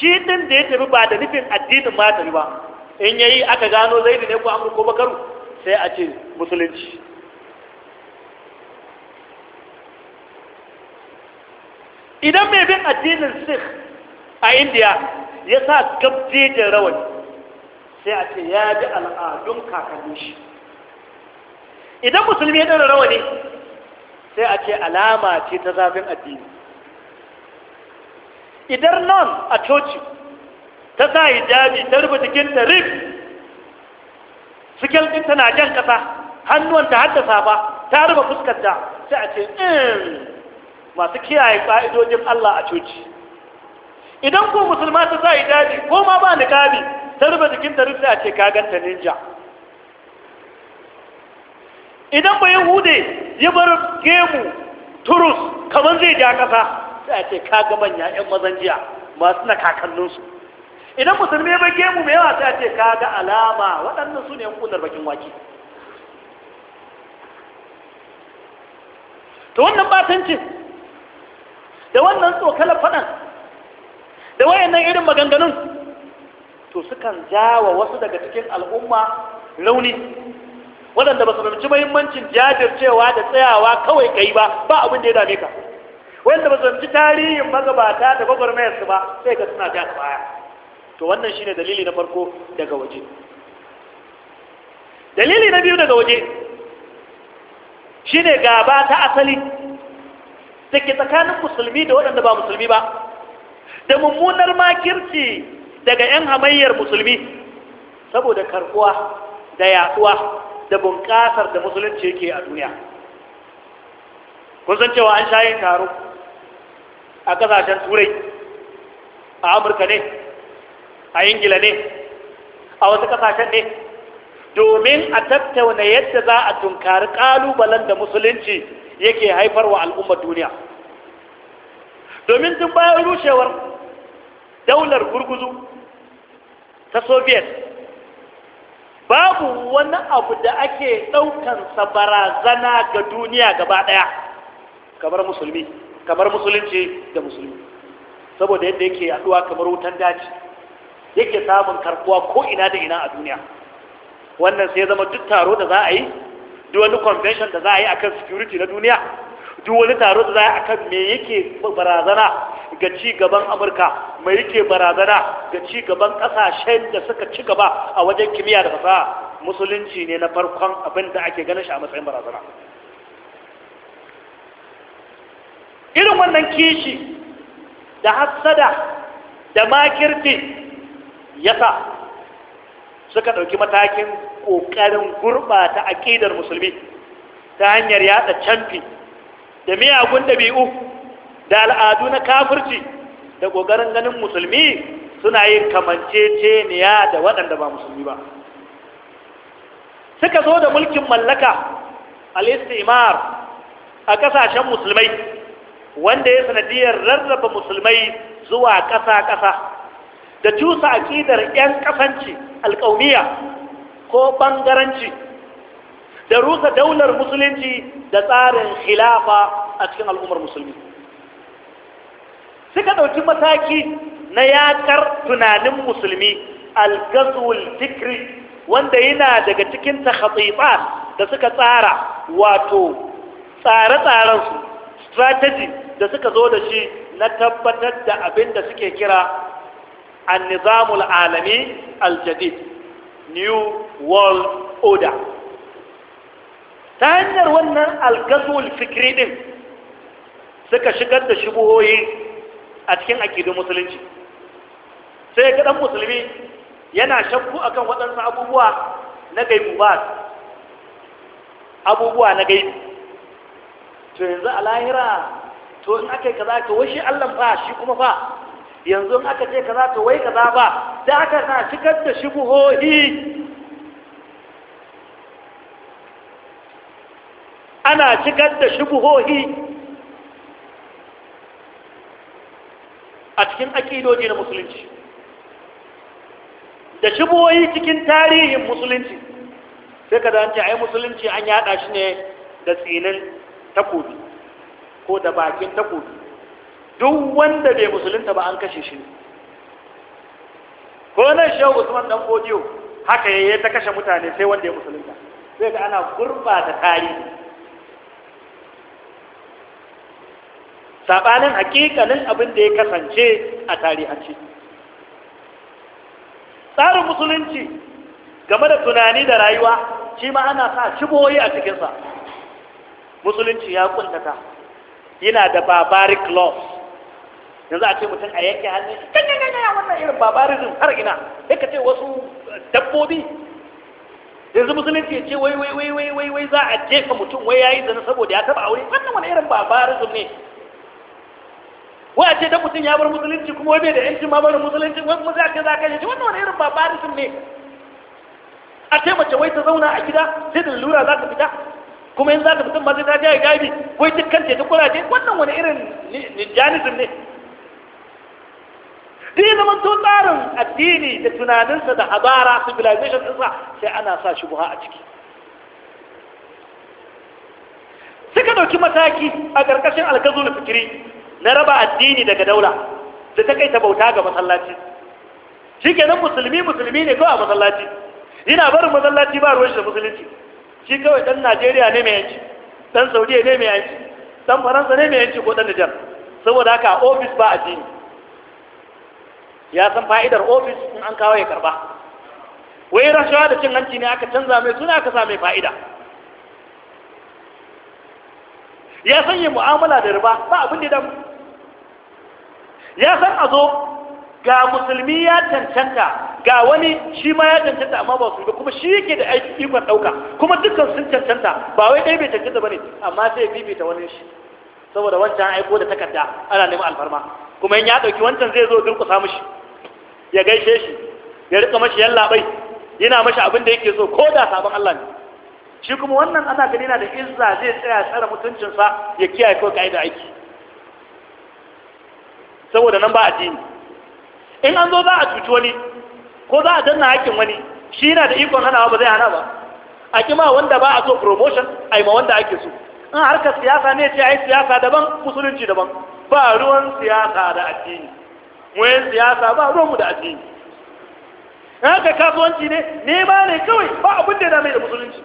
shi ɗin da ya tafi ba da nufin addinin ma tafi ba in yayi aka gano zaidi ne ko amur ko Bakar, sai a ce musulunci idan mai bin addinin sikh a indiya ya sa gabjejin rawani sai a ce ya bi al'adun kakannin shi idan musulmi ya ɗaura rawani sai a ce alama ce ta zafin addini idan nan a coci ta sa hijabi ta rufe jikin da rif sikil ɗin tana jan ƙasa hannuwan ta haddasa ba ta rufe fuskanta, sai a ce hmm, masu kiyaye ƙa'idojin Allah a coci idan ko musulma ta sa hijabi ko ma ba niƙabi ta rufe jikin da rufe a ce ka ganta ninja idan ba yahude ya bar gemu turus kamar zai ja kasa sai a ce ka ga manya yan mazan jiya masu na kakanninsu idan musulmi ya bar gemu mai yawa sai a ce ka ga alama waɗannan su ne yan kunar bakin wake Ta wannan batancin da wannan tsokalar faɗan da wayannan irin maganganun to sukan jawa wasu daga cikin al'umma launi waɗanda ba su fahimci mahimmancin jajircewa da tsayawa kawai kai ba ba abin da ya dame ka Wadanda ba su fahimci tarihin magabata da gwagwarmayarsu ba sai ka suna ja baya to wannan shine dalili na farko daga waje dalili na biyu daga waje shine gaba ta asali take tsakanin musulmi da waɗanda ba musulmi ba da mummunar makirci daga 'yan hamayyar musulmi saboda karkuwa da yaduwa da bunƙasar da musulunci yake a duniya kun san cewa an sha yin taro a ƙasashen turai a amurka ne a ingila ne a wasu ƙasashen ne domin a tattauna yadda za a tunkari ƙalubalen da musulunci yake haifarwa al'ummar duniya domin tun bayan rushewar daular gurguzu ta soviet babu wani abu da ake ɗaukansa barazana ga duniya gaba ɗaya kamar musulmi kamar musulunci da musulmi saboda yadda yake haɗuwa kamar wutan daji yake samun karkuwa ko ina da ina a duniya wannan sai zama duk taro da za a yi duk wani convention da za a yi akan security na duniya duk wani taro da za a kan me yake barazana ga ci gaban amurka me yake barazana ga ci gaban ƙasashen da suka ci gaba a wajen kimiyya da fasaha musulunci ne na farkon abin da ake ganin shi a matsayin barazana irin wannan kishi da hassada da makirti yasa suka ɗauki matakin ƙoƙarin gurɓata aƙidar musulmi ta hanyar yaɗa camfi da miyagun ɗabi'u da al'adu na kafirci da ƙoƙarin ganin musulmi suna yin kamanceceniya da waɗanda ba musulmi ba suka zo da mulkin mallaka al'istimar a ƙasashen musulmai wanda ya sanadiyar rarraba musulmai zuwa ƙasa-ƙasa da cusa aƙidar 'yan ƙasanci alƙauniya ko ɓangaranci da rusa daular musulunci da tsarin khilafa a cikin al'ummar musulmi suka ɗauki mataki na yakar tunanin musulmi algazul fikri wanda yana daga cikin takhatsifa da suka tsara wato tsare-tsarensu strategy da suka zo da shi na tabbatar da abin da suke kira annizamul alami aljadid new world order ta hanyar wannan algazul fikri din suka shigar da shubuhoyi a cikin aƙidun musulunci sai ga ɗan musulmi yana shakku akan waɗansu abubuwa na gaibu ba abubuwa na gaibu to yanzu a lahira to in aka yi kaza ka wai shi allan ba shi kuma fa yanzu in aka ce kaza ka wai kaza ba da aka na shigar da shubuhoyi ana shigar da shubuhohi a cikin aƙidoji na musulunci da shubuhohi cikin tarihin musulunci sai ka zance ai musulunci an yada shi ne da tsinin takobi ko da bakin takobi duk wanda bai musulunta ba an kashe shi ne ko nan shi usman dan kodiyo haka yi ta kashe mutane sai wanda ya musulunta sai ga ana gurba da tarihi sabanin hakikanin abin da ya kasance a tarihanci tsarin musulunci game da tunani da rayuwa shi ma ana sa ciboyi a cikinsa musulunci ya kuntata yana da barbaric laws yanzu a ce mutum a yanke hannu ya wannan irin barbarism har ina sai ka ce wasu dabbobi yanzu musulunci ya ce wai wai wai wai wai za a jefa mutum wai ya yi zana saboda ya taba aure wannan wani irin barbarism ne wai a ce da mutum ya bar musulunci kuma wai bai da yanci ma bar musulunci wai kuma za ka za ka yi wannan wani irin babarisin ne a ce mace wai ta zauna a gida sai da lura za ka fita kuma in za ka fita ma sai ta ga gaibi wai ta kance ta kuraje wannan wani irin nijanism ne dai zama to tsarin addini da tunaninsa da habara civilization ɗinsa sai ana sa shi buha a ciki suka ɗauki mataki a ƙarƙashin na fikiri na raba addini daga daula da ta kai ta bauta ga masallaci shi kenan musulmi musulmi ne kawai a masallaci yana barin masallaci ba ruwan shi da musulunci shi kawai dan najeriya ne mai yanci dan saudiya ne mai yanci dan faransa ne mai yanci ko dan nijar saboda haka a ofis ba addini ya san fa'idar ofis in an kawo ya karba wai rashawa da cin hanci ne aka canza mai suna aka sa mai fa'ida ya sanya mu'amala da riba ba abin da damu ya san a zo ga musulmi ya cancanta ga wani shi ma ya cancanta amma ba su kuma shi yake da aiki ikon ɗauka kuma dukkan sun cancanta ba wai ɗaya bai cancanta ba ne amma sai ya wani shi saboda wancan aiko da takarda ana neman alfarma kuma in ya ɗauki wancan zai zo durƙusa mishi ya gaishe shi ya riƙa mashi yallaɓai yana mashi abin da yake so ko da sabon Allah ne shi kuma wannan ana gani na da izza zai tsaya tsara mutuncinsa ya kiyaye kawai ka'ida aiki saboda nan ba dini in an zo za a cuci wani ko za a danna hakkin wani shi yana da ikon hanawa ba zai hana ba a kima wanda ba a so promotion a yi ma wanda ake so in harkar siyasa ne ce a yi siyasa daban musulunci daban ba ruwan siyasa da addini wayan siyasa ba ruwanmu da addini haka kasuwanci ne nema ne kawai ba abin da ya da musulunci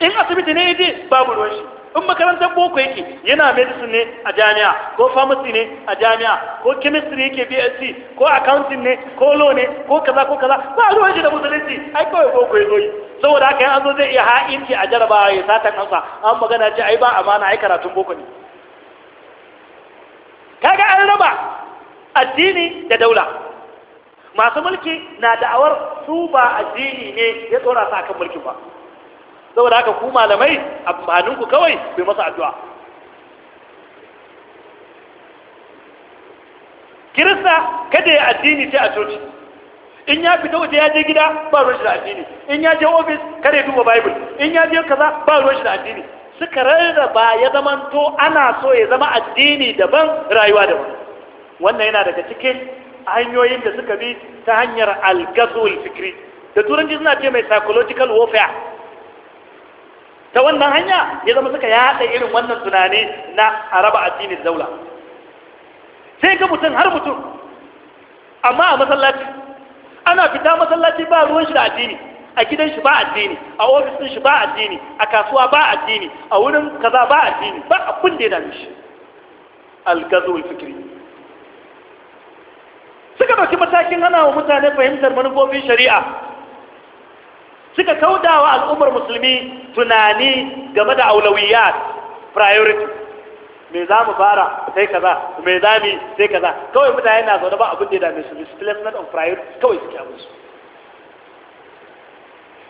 in asibiti ne ya ba babu ruwan shi in makarantar boko yake yana medicine ne a jami'a ko pharmacy ne a jami'a ko chemistry yake bsc ko accounting ne ko law ne ko kaza ko kaza ba a shi da musulunci ai kawai boko ya zoyi saboda haka yanzu zai iya ha'inci a jarabawa ya sata kansa an magana ce ai ba amana ai karatun boko ne kaga an raba addini da daula masu mulki na da'awar su ba addini ne ya tsora sa akan mulkin ba saboda haka ku malamai amfanin ku kawai bai masa addu'a kirista kada ya addini ce a coci in ya fita waje ya je gida ba ruwan shi da addini in ya je ofis kare duba bible in ya je kaza ba ruwan shi da addini suka rarraba ya zamanto ana so ya zama addini daban rayuwa daban wannan yana daga cikin hanyoyin da suka bi ta hanyar algazul fikri da turanci suna ce mai psychological warfare ta wannan hanya ya zama suka yaɗa irin wannan tunani na araba addinin zaula. sai ga mutum har mutum amma a masallaci ana fita masallaci ba ruwan shi da addini a gidan shi ba addini a ofis shi ba addini a kasuwa ba addini a wurin kaza ba addini ba abin da ya dame shi algazul fikri suka ɗauki matakin hana wa mutane fahimtar manufofin shari'a suka kaudawa al'ummar musulmi tunani game da aulawiyar priority me za mu fara sai kaza me za mu sai kaza kawai mutane na zaune ba abin da ya dame su displacement of priority kawai suke abin su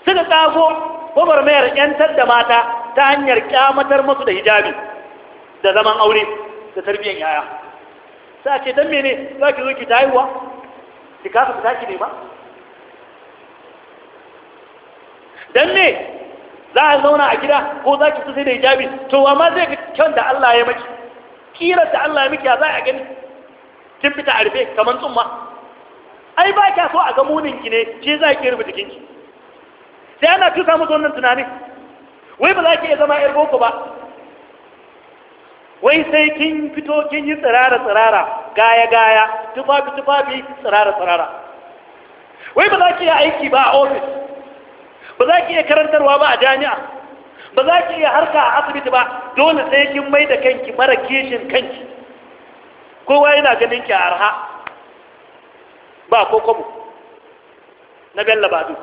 suka kafo mayar yantar da mata ta hanyar kyamatar masu da hijabi da zaman aure da tarbiyyar yaya sai a ce don mene za ki zo ki ta haihuwa ki kasa ta ki ne ba dan me za a zauna a gida ko za ki sai da hijabi to amma zai ga kyan da Allah ya maki kirar da Allah ya maki za a gani kin fita a rufe kamar tsumma ai ba kya so a ga munin ki ne shi za ki rubuta ki. sai ana tusa musu wannan tunanin wai ba za ki iya zama yar boko ba wai sai kin fito kin yi tsirara tsirara gaya gaya tufafi tufafi tsirara tsirara wai ba za ki yi aiki ba a ofis ba za ki iya karantarwa ba a jami'a ba za ki iya harka a asibiti ba dole sai kin mai da kanki mara kishin kanki kowa yana ganin ki a arha ba ko kwabo na bella badu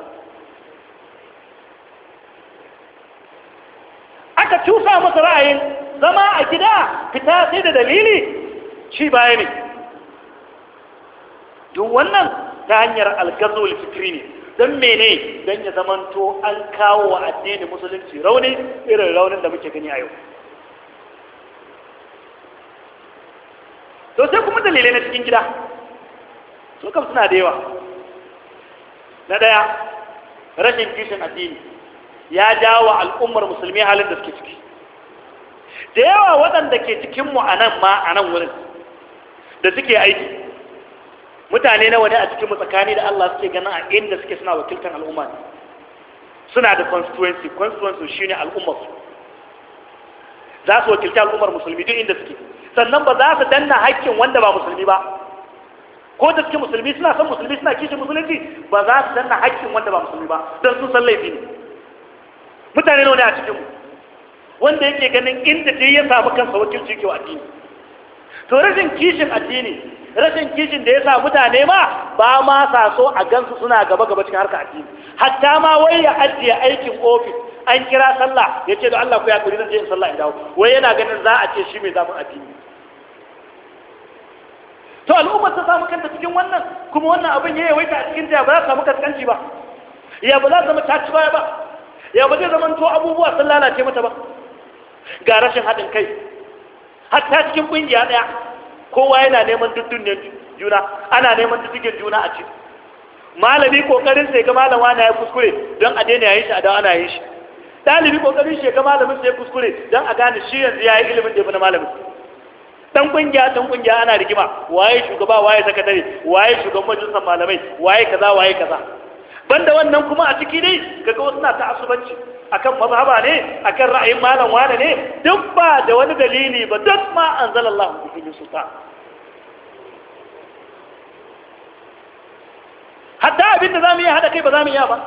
aka cusa masa ra'ayin zama a gida fita sai da dalili ci baya ne duk wannan ta hanyar algazol fitri ne don mene don ya zamanto an kawo wa addinin musulunci rauni irin raunin da muke gani a yau to sai kuma dalilai na cikin gida su kam suna da yawa na daya rashin kishin addini ya jawo al'ummar musulmi halin da suke ciki da yawa waɗanda ke cikinmu a nan ma a nan wurin da suke aiki mutane nawa ne a cikin mu tsakani da Allah suke ganin a inda suke suna wakiltar al'umma ne suna da constituency constituency ne al'ummar su za su wakilci al'ummar musulmi duk inda suke sannan ba za su danna haƙƙin wanda ba musulmi ba ko da suke musulmi suna son musulmi suna kishin musulunci ba za su danna haƙƙin wanda ba musulmi ba don sun san laifi ne mutane nawa ne a cikin mu wanda yake ganin inda dai ya samu kansa wakilci ke addini to rashin kishin addini rashin kishin da ya sa mutane ma ba ma sa so a gansu suna gaba gaba cikin harka addini hatta ma wai ya ajiye aikin ofis an kira sallah ya ce da Allah ku ya kuri zan je in sallah in dawo wai yana ganin za a ce shi mai zafin addini to al'ummar ta samu kanta cikin wannan kuma wannan abin ya yawaita a cikin jiya ba za su samu kaskanci ba ya ba za su zama taci baya ba ya ba zai zama to abubuwa sun lalace mata ba ga rashin haɗin kai hatta cikin ƙungiya ɗaya kowa yana neman duddunnen juna ana neman duddugen juna a ci malami kokarin sai ga malama na ya kuskure don a daina yayin shi a dawo ana yin shi dalibi kokarin shi ga malamin sai kuskure don a gane shi yanzu ya yi ilimin da ya na malamin dan kungiya dan kungiya ana rigima waye shugaba waye sakatare waye shugaban majalisar malamai waye kaza waye kaza banda wannan kuma a ciki dai kaga wasu na ta asubanci akan mazhaba ne akan ra'ayin malam wane ne duk ba da wani dalili ba duk ma anzalallahu bihi sultan hatta abinda za mu yi haɗa kai ba za mu yi ba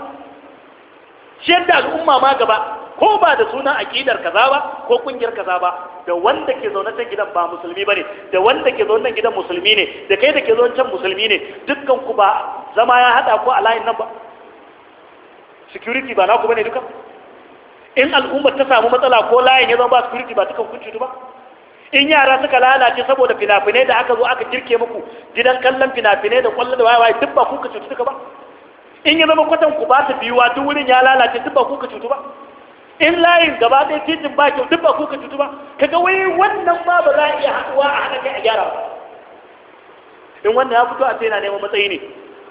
shi yadda al'umma ma gaba ko ba da suna aqidar kaza ba ko ƙungiyar kaza ba da wanda ke zaune can gidan ba musulmi ba ne da wanda ke zaune gidan musulmi ne da kai da ke zaune can musulmi ne dukkan ku ba zama ya haɗa ku a layin nan ba security ba na ku ba ne in al'umma ta samu matsala ko layin ya zama ba security ba ta kan kunci ba in yara suka lalace saboda finafinai da aka zo aka kirke muku gidan kallon finafinai da kwallon da wayewaye duk ba ku ka cutu duka ba in ya zama kwatan ku ba ta biyuwa duk wurin ya lalace duk ba ku ka cutu ba in layin gaba ɗaya titin ba kyau duk ba ku ka cutu ba kaga wai wannan ba ba za a iya haɗuwa a haɗa kai a gyara ba in wannan ya fito a ce yana neman matsayi ne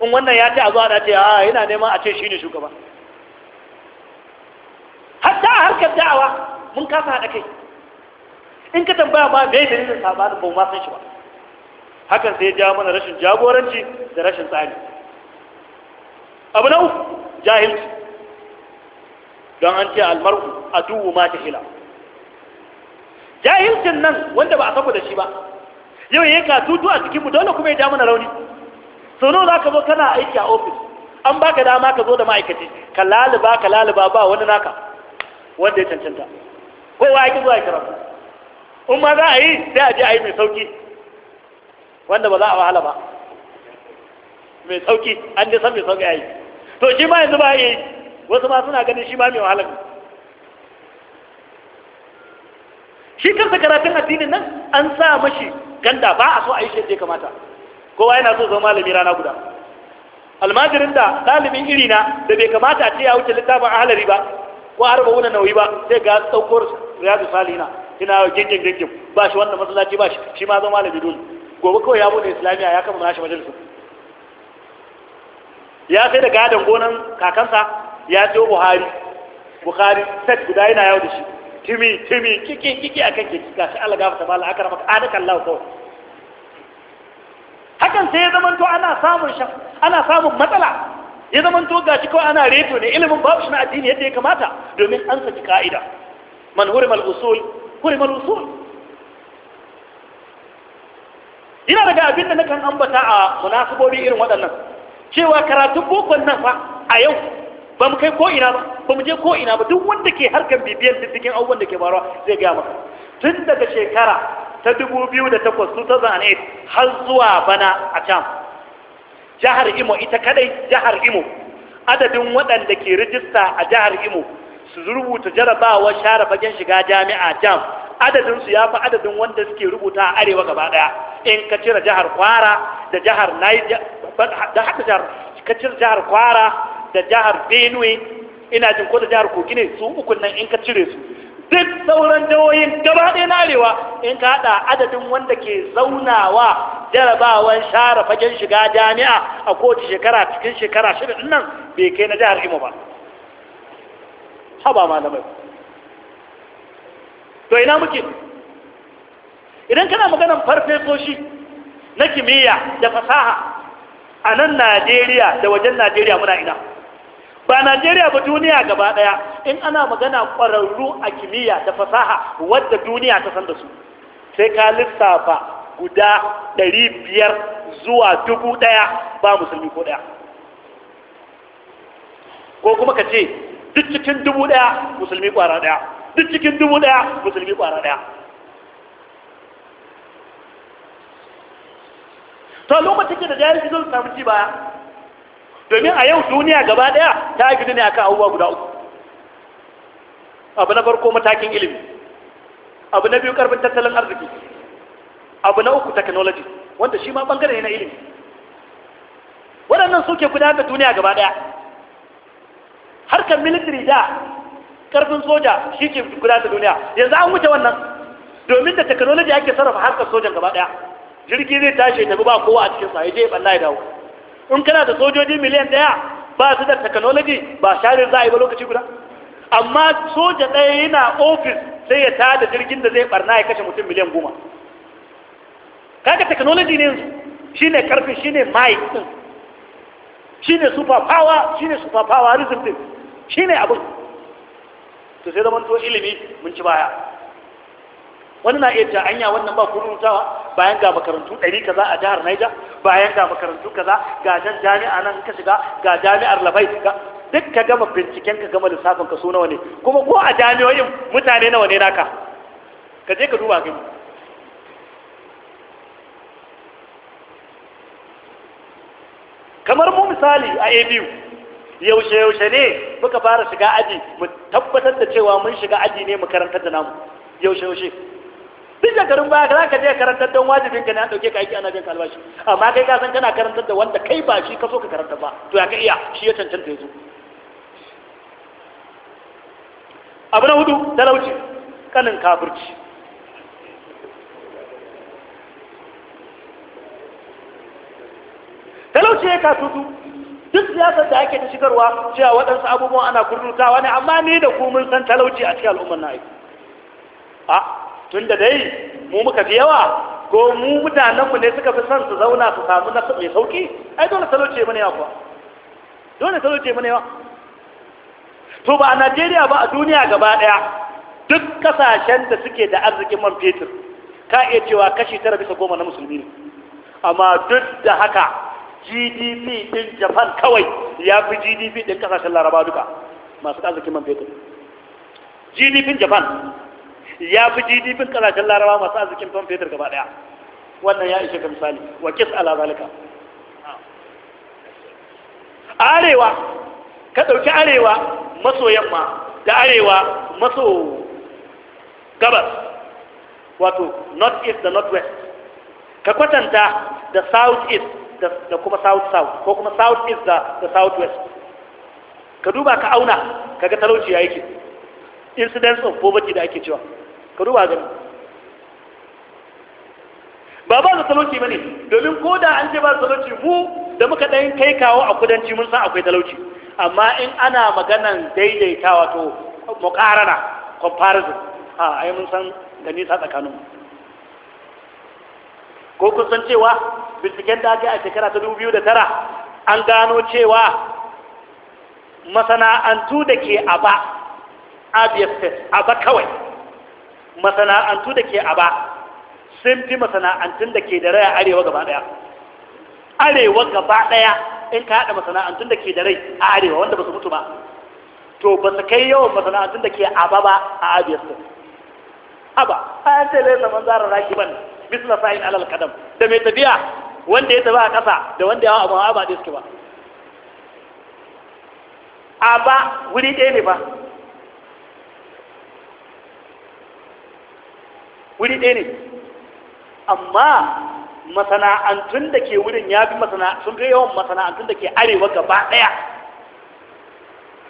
in wannan ya ce a zo a ce a yana neman a ce shi ne shugaba hatta a harkar da'awa mun kasa haɗa kai in ka tambaya ma me dalilin sabanin ba mu ma san shi ba hakan sai ya ja mana rashin jagoranci da rashin tsari abu na uku jahilci don an ce almar'u aduwu ma ta hila jahilcin nan wanda ba a saboda shi ba yau yi ka tutu a cikinmu dole kuma ya ja mana rauni sono za ka zo kana aiki a ofis. an baka dama ka zo da ma'aikaci ka laliba ka laliba ba wani naka wanda ya cancanta kowa ya ki zuwa kira in ma za a yi sai a je a yi mai sauki wanda ba za a wahala ba mai sauki an dai san mai sauki a yi to shi ma yanzu ba a yi wasu ma suna ganin shi ma mai wahala ne shi kansa karatun addinin nan an sa mashi ganda ba a so a yi shi ya kamata kowa yana so zama malami rana guda almajirin da ɗalibin irina da bai kamata a ce ya wuce littafin ahalari ba ko arba wuna nauyi ba sai ga ɗaukar riyadu salina ina gingin gingin ba shi wannan masallaci ba shi shi ma zama malami dole gobe kawai ya bude islamiya ya kama nashi majalisu ya sai da gadon gonan kakansa ya je buhari buhari set guda yana yau da shi timi timi kiki kiki akan kiki shi Allah gafarta mala akara maka adaka Allah kawai hakan sai ya zamanto ana samun ana samun matsala ya zama to gashi kawai ana reto ne ilimin babu shi na addini yadda ya kamata domin an saki ka'ida man hurimal usul hurimal usul ina daga abin da nakan ambata a munasabobi irin waɗannan cewa karatun bokon nan fa a yau ba mu kai ko ina ba ba mu je ko ina ba duk wanda ke harkar bibiyar diddigin abubuwan da ke faruwa zai gaya maka tun daga shekara ta 2008 har zuwa bana a can jihar imo ita kadai jihar imo adadin waɗanda ke rijista a jihar imo su rubuta jarabawa share fagen shiga jami'a jam adadin su ya fi adadin wanda suke rubuta a arewa gaba daya in ka cire jihar kwara da jihar naija da haka jihar ka cire jihar kwara da jihar benue ina jin ko da jihar kogi ne su ukun nan in ka cire su duk sauran jihohin gaba ɗaya na arewa in ka haɗa adadin wanda ke zaunawa jarabawan share fagen shiga jami'a a kowace shekara cikin shekara shida ɗin nan bai kai na jihar imo ba haba malamai to ina muke idan kana maganan farfesoshi na kimiyya da fasaha a nan najeriya da wajen najeriya muna ina ba najeriya ba duniya gaba ɗaya in ana magana ƙwararru a kimiyya da fasaha wadda duniya ta san da su sai ka lissafa guda ɗari biyar zuwa dubu ɗaya ba musulmi ko ɗaya ko kuma ka ce duk cikin dubu ɗaya musulmi ƙwara ɗaya duk cikin dubu ɗaya musulmi ƙwara ɗaya to lokacin da jahilci zai samu ci baya domin a yau duniya gaba daya ta gidi ne akan abubuwa guda uku abu na farko matakin ilimi abu na biyu karfin tattalin arziki abu na uku technology wanda shi ma bangare na ilimi waɗannan suke gudanar da duniya gaba ɗaya harkar military da karfin soja shi ke gudanar da duniya yanzu an wuce wannan domin da technology ake sarrafa harkar sojan gaba ɗaya jirgi zai tashi ya tafi ba kowa a cikin sa ya je ɓanna ya dawo in kana da sojoji miliyan ɗaya ba su da technology ba sharin za a yi ba lokaci guda amma soja ɗaya yana ofis sai ya da jirgin da zai barna ya kashe mutum miliyan goma kaga technology ne yanzu shine karfi shine mai din shine super power shine super powerism din shine abin to sai zaman to ilimi mun ci baya wani na iya ta'anya anya wannan ba mutawa bayan ga makarantu ɗari kaza a jihar Niger bayan ga makarantu kaza ga nan jami'a nan ka shiga ga jami'ar Labai duk ka gama binciken ka gama lissafin ka so nawa ne kuma ko a jami'o'in mutane nawa ne naka ka je ka duba gani kamar mu misali a abu yaushe yaushe ne muka fara shiga aji mu tabbatar da cewa mun shiga aji ne mu karantar da namu yaushe yaushe duk garin baya ka je karantar don wajibin ka ne an dauke ka aiki ana jin albashi amma kai ka san kana karantar da wanda kai ba shi ka so ka karanta ba to ya ka iya shi ya cancanta yazo abu na hudu talauci kanin kafirci talauci ya su duk siyasar da ake ta shigarwa cewa waɗansu abubuwan ana kurnutawa ne amma ni da ku mun san talauci a cikin al'ummar na aiki a tun da dai mu muka fi yawa ko mu mutanenmu ne suka fi son su zauna su samu na mai sauki ai dole talauci mana yawa kuwa dole talauci mana yawa to ba a najeriya ba a duniya gaba ɗaya duk ƙasashen da suke da arzikin man fetur ka iya cewa kashi tara bisa goma na musulmi ne amma duk da haka gdp ɗin japan kawai ya fi gdp ɗin ƙasashen laraba duka masu arzikin man fetur gdp japan ya fi gdp ƙasashen laraba masu arzikin man fetur gaba ɗaya wannan ya ishe ka misali wa kis ala zalika arewa ka ɗauki arewa maso yamma da arewa maso gabas wato north east da north west ka kwatanta da south east da kuma south south ko kuma south east da south west ka duba ka auna ka ga talauci ya yake incidence of poverty da ake cewa ka duba gani ba ba da talauci ba ne domin ko da an ce ba da talauci mu da muka ɗan kai kawo a kudanci mun san akwai talauci amma in ana maganan daidaita wato muƙarana comparison a ai mun san da nisa tsakaninmu ko kun san cewa binciken da aka a shekara ta dubu biyu da tara an gano cewa masana'antu da ke a ba abfs a ba kawai masana'antu da ke a ba sun fi masana'antun da ke da raya arewa gaba daya arewa gaba ɗaya in ka haɗa masana'antun da ke da rai a arewa wanda ba su mutu ba to ba su kai yawan masana'antun da ke aba ba a abiyar su aba a yan zai zaman zara raki ban bisna sa'in alal kadam da mai tafiya wanda ya tafi a ƙasa da wanda yawa abu ba da suke ba aba wuri ɗaya ne ba wuri ɗaya ne amma masana'antun da ke wurin ya fi sun fi yawan masana'antun da ke arewa gaba ɗaya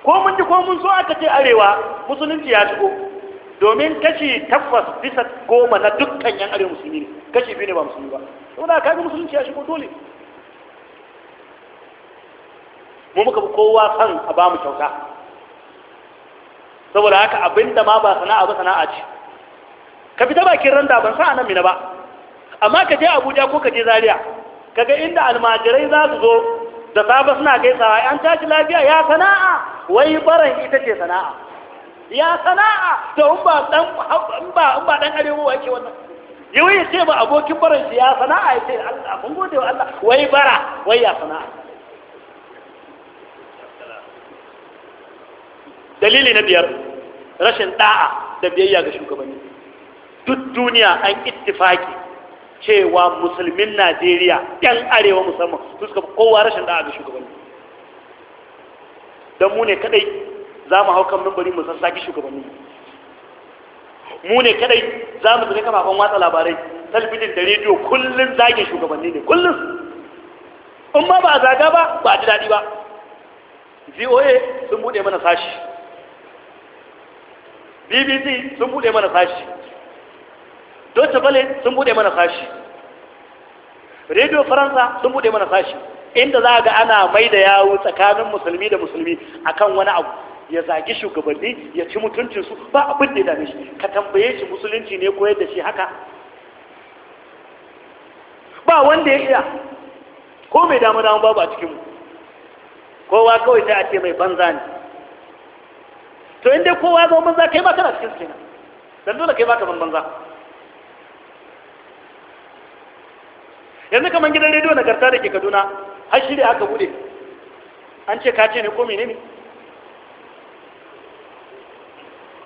ko mun ji ko mun so aka ce arewa musulunci ya shigo domin kashi takwas bisa goma na dukkan yan arewa musulmi ne kashi biyu ne ba musulmi ba da kaji musulunci ya shigo dole mu muka fi kowa san a ba mu kyauta saboda haka abinda ma ba sana'a ba sana'a ce ka fita bakin randa ban sa nan mina ba amma ka je abuja ko ka je zaria kaga inda almajirai za su zo da safe suna gaisawa an tashi lafiya ya sana'a wai baran ita ce sana'a ya sana'a to in ba dan in ba in ba dan arewa yake wannan yau ya ce ba abokin baran shi ya sana'a ya ce Allah mun gode wa Allah wai bara wai ya sana'a dalili na biyar rashin da'a da biyayya ga shugabanni duk duniya an ittifaki cewa musulmin najeriya yan arewa musamman su suka kowa rashin da'a ga shugabanni don mu ne kadai za mu hau kan mimbari mu san saki shugabanni mu ne kadai za mu zane kafafen watsa labarai talbijin da rediyo kullum zage shugabanni ne kullum in ma ba a zaga ba ba a ji daɗi ba voa sun buɗe mana sashi bbc sun buɗe mana sashi Deutsche Welle sun bude mana sashi Radio Faransa sun bude mana sashi inda za ga ana mai da yawo tsakanin musulmi da musulmi akan wani abu ya zagi shugabanni ya ci mutuncinsu ba abin da ya dame shi ka tambaye shi musulunci ne koyar da shi haka ba wanda ya iya ko mai damu damu babu a cikinmu kowa kawai sai a ce mai banza ne to inda kowa zama banza kai ba kana cikin kenan dan dole kai ba ka ban banza yanzu kamar gidan rediyo na karta da ke kaduna har shirya aka bude an ce kace ne ko menene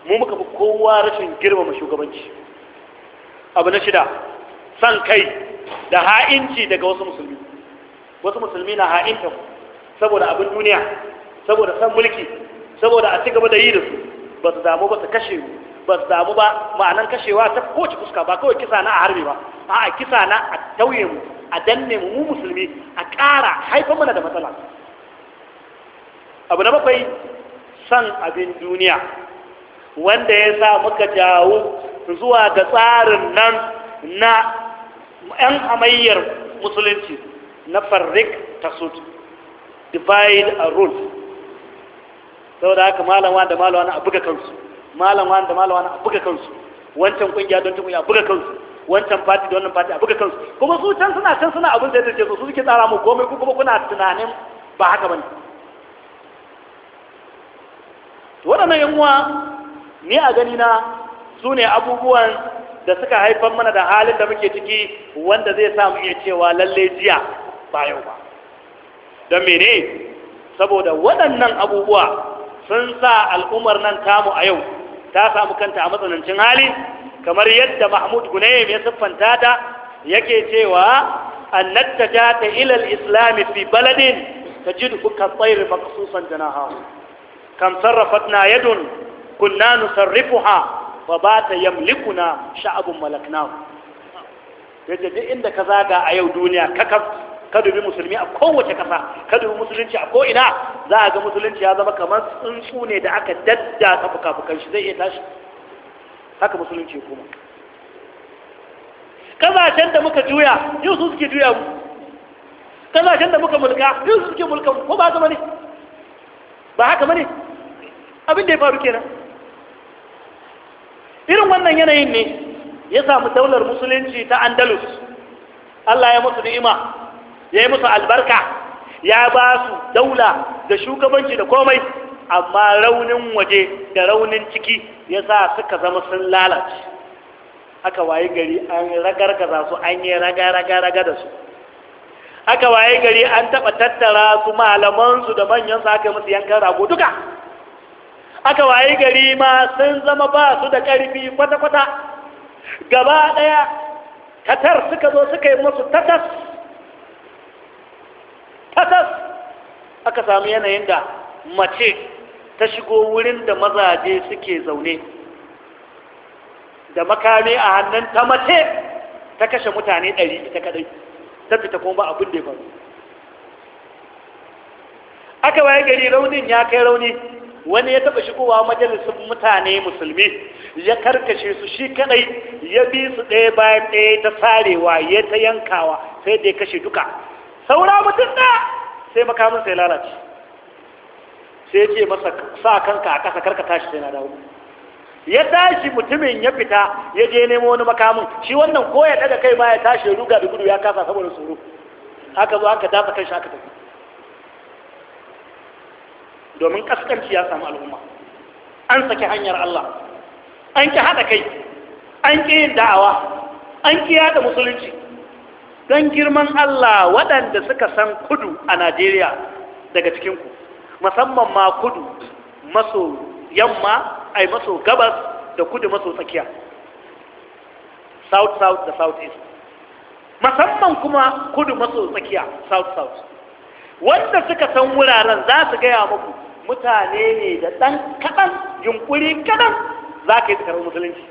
mu muka fi kowa rashin girmama shugabanci abu na shida san kai da ha'inci daga wasu musulmi wasu musulmi na ha'inta saboda abin duniya saboda san mulki saboda a ci gaba da yi da su ba su damu ba su kashe mu ba su damu ba ma'anan kashewa ta kowace fuska ba kawai kisa na a harbe ba a'a kisa na a tauye mu a danne mu musulmi a ƙara haifar mana da matsala abu na bakwai san abin duniya wanda ya sa muka jawo zuwa ga tsarin nan na 'yan amayyar musulunci na farrik tasud divide a rule saboda haka malama da malama na buga kansu malama da malama na buga kansu wancan kungiya don tukun ya buga kansu wancan fati da wannan fati a buga kansu kuma su can suna can suna abin da ya so su suke tsara mu komai ku kuma kuna tunanin ba haka bane to waɗannan yan uwa ni a gani na su ne abubuwan da suka haifar mana da halin da muke ciki wanda zai sa mu iya cewa lalle jiya ba yau ba don mene saboda waɗannan abubuwa sun sa al'ummar nan tamu a yau ta samu kanta a matsanancin hali kamar yadda mahmud gunayyim ya siffanta ta yake cewa an nattajata ila al-islam fi baladin tajidhu ka tsayr maqsusan Kan sarrafa na yadun kunna nusarrifuha ba ta yamlikuna sha'abun malaknahu yadda duk inda ka zaga a yau duniya kakaf ka dubi musulmi a kowace ƙasa ka dubi musulunci a ko'ina za a ga musulunci ya zama kamar tsuntsu ne da aka dadda fuka fukan shi zai iya tashi haka musulunci kuma kazashen da muka juya yau su suke juya mu kazashen da muka mulka yau su suke mulka mu ko ba haka mani ba haka mani abin da ya faru kenan irin wannan yanayin ne ya samu daular musulunci ta andalus allah ya musu ni'ima ya yi musu albarka ya ba su daula da shugabanci da komai amma raunin waje da raunin ciki ya sa suka zama sun lalace aka waye gari an ragargaza su an yi raga-raga-raga da su aka waye gari an taɓa tattara su malamansu da su aka musu yankan rago duka aka waye gari ma sun zama ba su da ƙarfi kwata-kwata gaba ɗaya katar suka zo suka yi musu tatas tatas aka samu yanayin da mace ta shigo wurin da mazaje suke zaune da makami a hannun ta mace ta kashe mutane ɗari ita kadai ta fita kuma abin da ya faru aka waye gari raunin ya kai rauni wani ya taɓa shigowa majalisun mutane musulmi ya karkashe su shi kaɗai, ya bi su ɗaya bayan ɗaya ta sarewa ya ta yankawa sai da ya kashe duka saura mutum ɗaya sai makamin sai lalace sai ce masa sa kanka a kasa karka tashi sai na dawo ya tashi mutumin ya fita ya je nemo wani makamin shi wannan koya ya daga kai baya tashi ya ruga da gudu ya kasa saboda tsoro aka zo aka dafa kanshi aka tafi domin kaskanci ya samu al'umma an saki hanyar Allah an ki haɗa kai an ƙi yin da'awa an ki yada musulunci don girman Allah waɗanda suka san kudu a Najeriya daga cikinku musamman ma kudu maso yamma ai maso gabas da kudu maso tsakiya south south da south east musamman kuma kudu maso tsakiya south south wanda suka san wuraren za su gaya muku mutane ne da ɗan kaɗan yunkuri kaɗan za ka yi tsakarar musulunci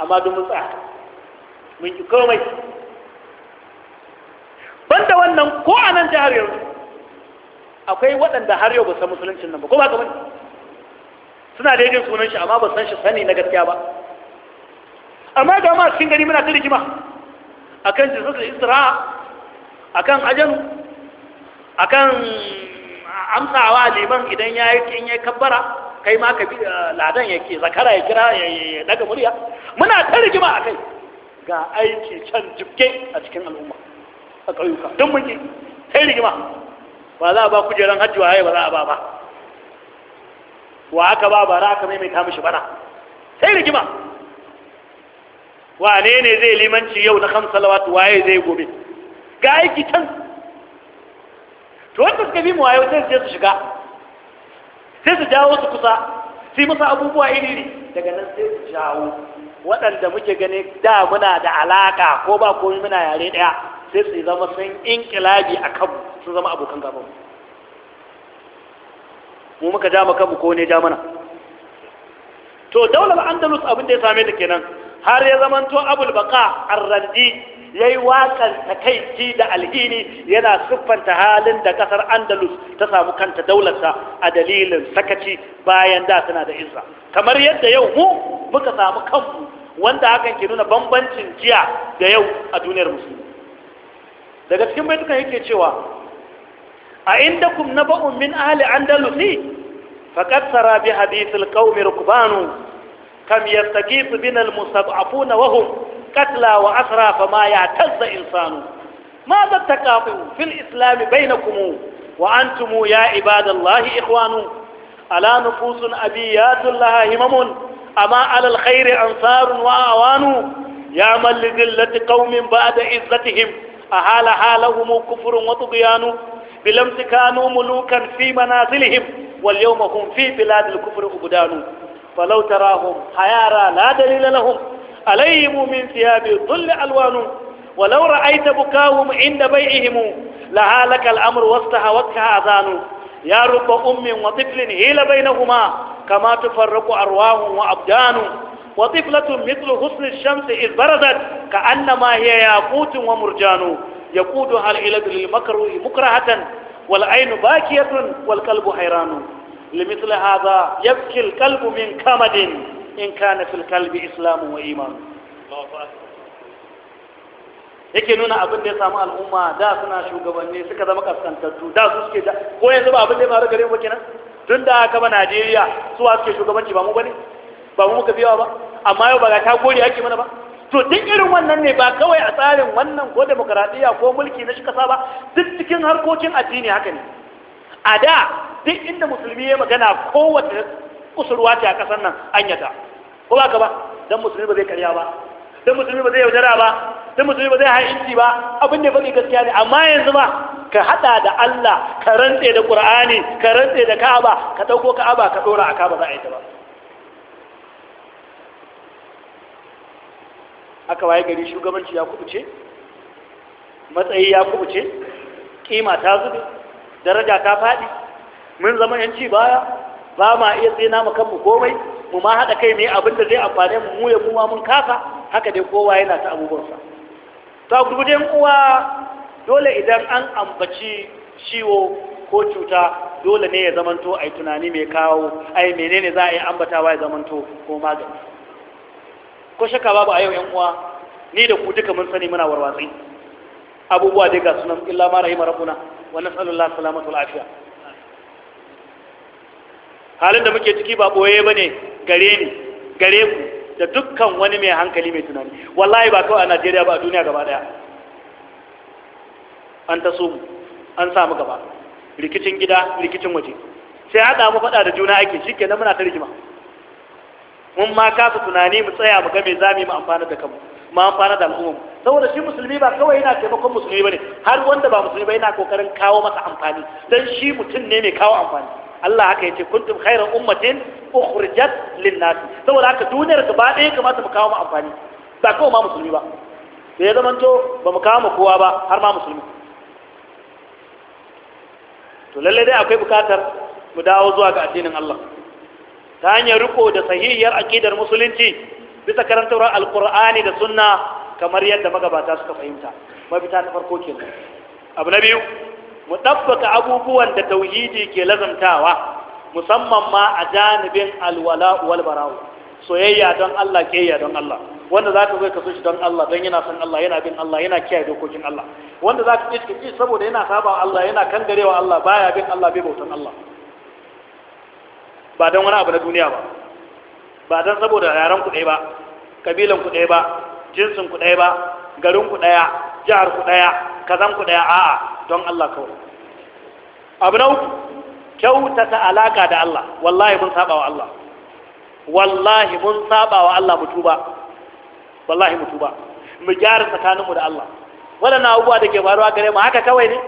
amma don mutsa mun ki komai banda wannan ko a nan jihar yanzu akwai waɗanda har yau ba san musuluncin nan ba ko ba kamar suna da yajin sunan shi amma ba san shi sani na gaskiya ba amma ga ma cikin gani muna ta rigima akan da isra akan ajanu akan amsawa liman idan ya yi kin ya kabbara kai ma ka bi eh, ladan yake zakara ya kira ya daga murya muna ta rigima akai ga aiki can jibge a cikin al'umma a ƙauyuka don mun yi ta rigima ba za a ba kujeran hajji waye ba za a ba ba wa aka ba ba bara aka maimaita mishi bana sai rigima wane ne zai limanci yau na kamsa lawatu waye zai gobe ga aiki can to wanda suka bi mu wayo sai su je su shiga sai su jawo su kusa sai masa abubuwa iri ne daga nan sai su jawo waɗanda muke gani da muna da alaka ko ba ko muna yare ɗaya sai su zama sun inkilabi a kanmu sun zama abokan gaban mu muka ja maka ko ne ja mana to daular andalus abin da ya same ta kenan har ya zamanto abul baka arrandi yayi wakan takaici da alhini yana siffanta halin da kasar andalus ta samu kanta daularta a dalilin sakaci bayan da tana da izza kamar yadda yau mu muka samu kanmu wanda hakan ke nuna bambancin jiya da yau a duniyar musulmi daga cikin baitukan yake cewa أعندكم نبأ من أهل أندلسي فقد سرى بحديث القوم ركبان كم يستكيف بنا المستضعفون وهم قتلى وأسرى فما يعتز إنسان ماذا التقاطع في الإسلام بينكم وأنتم يا عباد الله إخوان ألا نفوس أبيات لها همم أما على الخير أنصار وأوان يا من لذلة قوم بعد عزتهم أهال حالهم كفر وطغيان بلمس كانوا ملوكا في منازلهم واليوم هم في بلاد الكفر أبدان فلو تراهم حيارى لا دليل لهم عليهم من ثياب ظل ألوان ولو رأيت بكاهم عند بيعهم لهالك الأمر واستهوتك أذان يا رب أم وطفل هيل بينهما كما تفرق أرواح وأبدان وطفلة مثل حسن الشمس إذ برزت كأنما هي ياقوت ومرجان Yakudu hal ilatu lil makruh mukrahatan wal aynu bakiyatun wal qalbu kamadin in kana yake nuna abin da ya samu al'umma da suna shugabanni suka zama kaskantattu da su suke da ko yanzu ba abin da ya faru gare mu kenan tun da aka ba Najeriya su suke shugabanci ba mu bane ba mu muka biyawa ba amma yau ba ga ta gori ake mana ba to duk irin wannan ne ba kawai a tsarin wannan ko demokaradiyya ko mulki na shi kasa ba duk cikin harkokin addini haka ne a da duk inda musulmi ya magana kowace kusurwa ce a kasar nan anyata. ko ba ka ba don musulmi ba zai karya ba Don musulmi ba zai yaudara ba Don musulmi ba zai inci ba abin da faɗi gaskiya ne amma yanzu ba ka haɗa da Allah ka rantse da Qur'ani ka rantse da Ka'aba ka ɗauko Ka'aba ka dora a Ka'aba za a yi ta ba aka waye gari shugabanci ya kubuce matsayi ya kubuce kima ta zube daraja ta faɗi mun zama yanci baya ba ma iya tsina mu kanmu komai mu ma haɗa kai ne abin da zai amfane mu mu ya kuma mun kasa haka dai kowa yana ta abubuwansa to a uwa dole idan an ambaci ciwo ko cuta dole ne ya zamanto a tunani mai kawo ai menene za a yi ambatawa ya zamanto ko magani ko shaka babu a yau yan uwa ni da ku duka mun sani muna warwatsi abubuwa dai ga sunan illa ma rahima rabbuna wa nas'alullahi salamatu afiya halin da muke ciki ba boye bane gare ni gare ku da dukkan wani mai hankali mai tunani wallahi ba kawai a Najeriya ba a duniya gaba daya an taso mu an samu gaba rikicin gida rikicin waje sai hada mu faɗa da juna ake shikenan muna ta rigima mun ma kasa tunani mu tsaya mu ga me zamu mu amfana da kanmu mu amfana da al'umma saboda shi musulmi ba kawai yana taimakon musulmi bane har wanda ba musulmi ba yana kokarin kawo masa amfani dan shi mutum ne mai kawo amfani Allah haka yace kuntum khairan ummatin ukhrijat lin saboda haka duniyar gaba ɗaya kamata mu kawo mu amfani ba kawai ma musulmi ba da ya zama ba mu kawo mu kowa ba har ma musulmi to lallai dai akwai bukatar mu dawo zuwa ga addinin Allah ta hanyar riko da sahihiyar akidar musulunci bisa karantar alkur'ani da sunna kamar yadda magabata suka fahimta mafita ta farko ke abu na biyu mu ɗabbaka abubuwan da tauhidi ke lazantawa musamman ma a janibin alwala wal bara'u soyayya don Allah kiyayya don Allah wanda za ka zo ka so shi don Allah don yana son Allah yana bin Allah yana kiyaye dokokin Allah wanda za ka ki saboda yana saba Allah yana kangarewa Allah baya bin Allah bai bautan Allah ba don wani abu na duniya ba ba don saboda yaren ku ɗaya ba kabilan ku ɗaya ba jinsin ku ɗaya ba garin ku ɗaya jihar ku ɗaya kazan ku ɗaya a'a don Allah kawai abu na uku kyautata alaka da Allah wallahi mun saba wa Allah wallahi mun saba wa Allah mutu ba wallahi mutu ba mu gyara mu da Allah wadannan abubuwa da ke faruwa gare mu haka kawai ne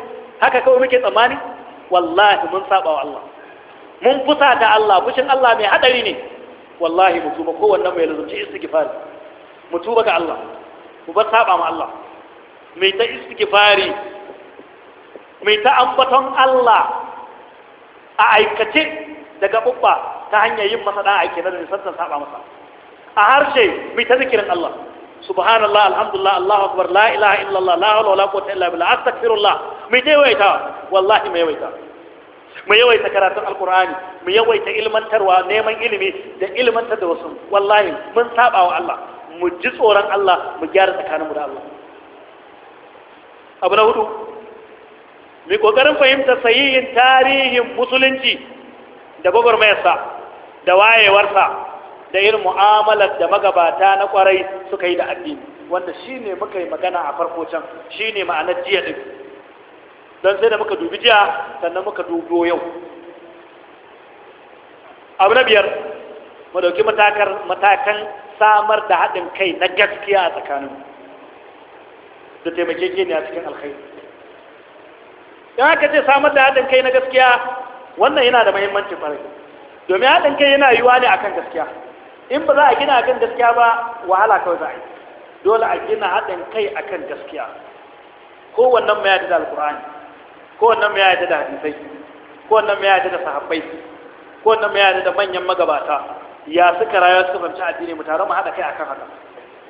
haka kawai muke tsammani wallahi mun saba wa Allah mun fusa ta Allah fushin Allah mai hadari ne wallahi mu tuba kowannen mai lazumci istighfar mu tuba ga Allah mu bar saba ma Allah mai ta istighfari mai ta ambaton Allah a aikace daga bubba ta hanyar yin masa da aike da nisantar saba masa a harshe mai ta zikirin Allah subhanallah alhamdulillah allahu akbar la ilaha illallah la hawla wala quwwata illa billah astaghfirullah mai ta yawaita wallahi mai yawaita mu yawaita karatun alkur'ani mu yawaita ilmantarwa neman ilimi da ilmantar da wasu wallahi mun saba wa Allah mu ji tsoron Allah mu gyara tsakaninmu da Allah abu na hudu mu kokarin fahimta sahihin tarihin musulunci da gwagwarmayarsa da wayewarsa da irin mu'amalar da magabata na kwarai suka yi da addini wanda shine muka yi magana a farko can shine ma'anar jiya din don sai da muka dubi jiya sannan muka dubo yau abu na biyar madauki matakan samar da haɗin kai na gaskiya a tsakanin da ne a cikin alkhai don haka ce samar da haɗin kai na gaskiya wannan yana da mahimmanci farai domin haɗin kai yana yiwuwa ne akan gaskiya in ba za a gina akan gaskiya ba wahala kawai za a yi dole a gina haɗin kai akan gaskiya kowannen mai da alkur'ani kowannan mai yadda da hadisai kowannan mai yadda da sahabbai kowannan mai yadda da manyan magabata ya suka rayuwa suka fahimci addini mu tare mu haɗa kai akan haka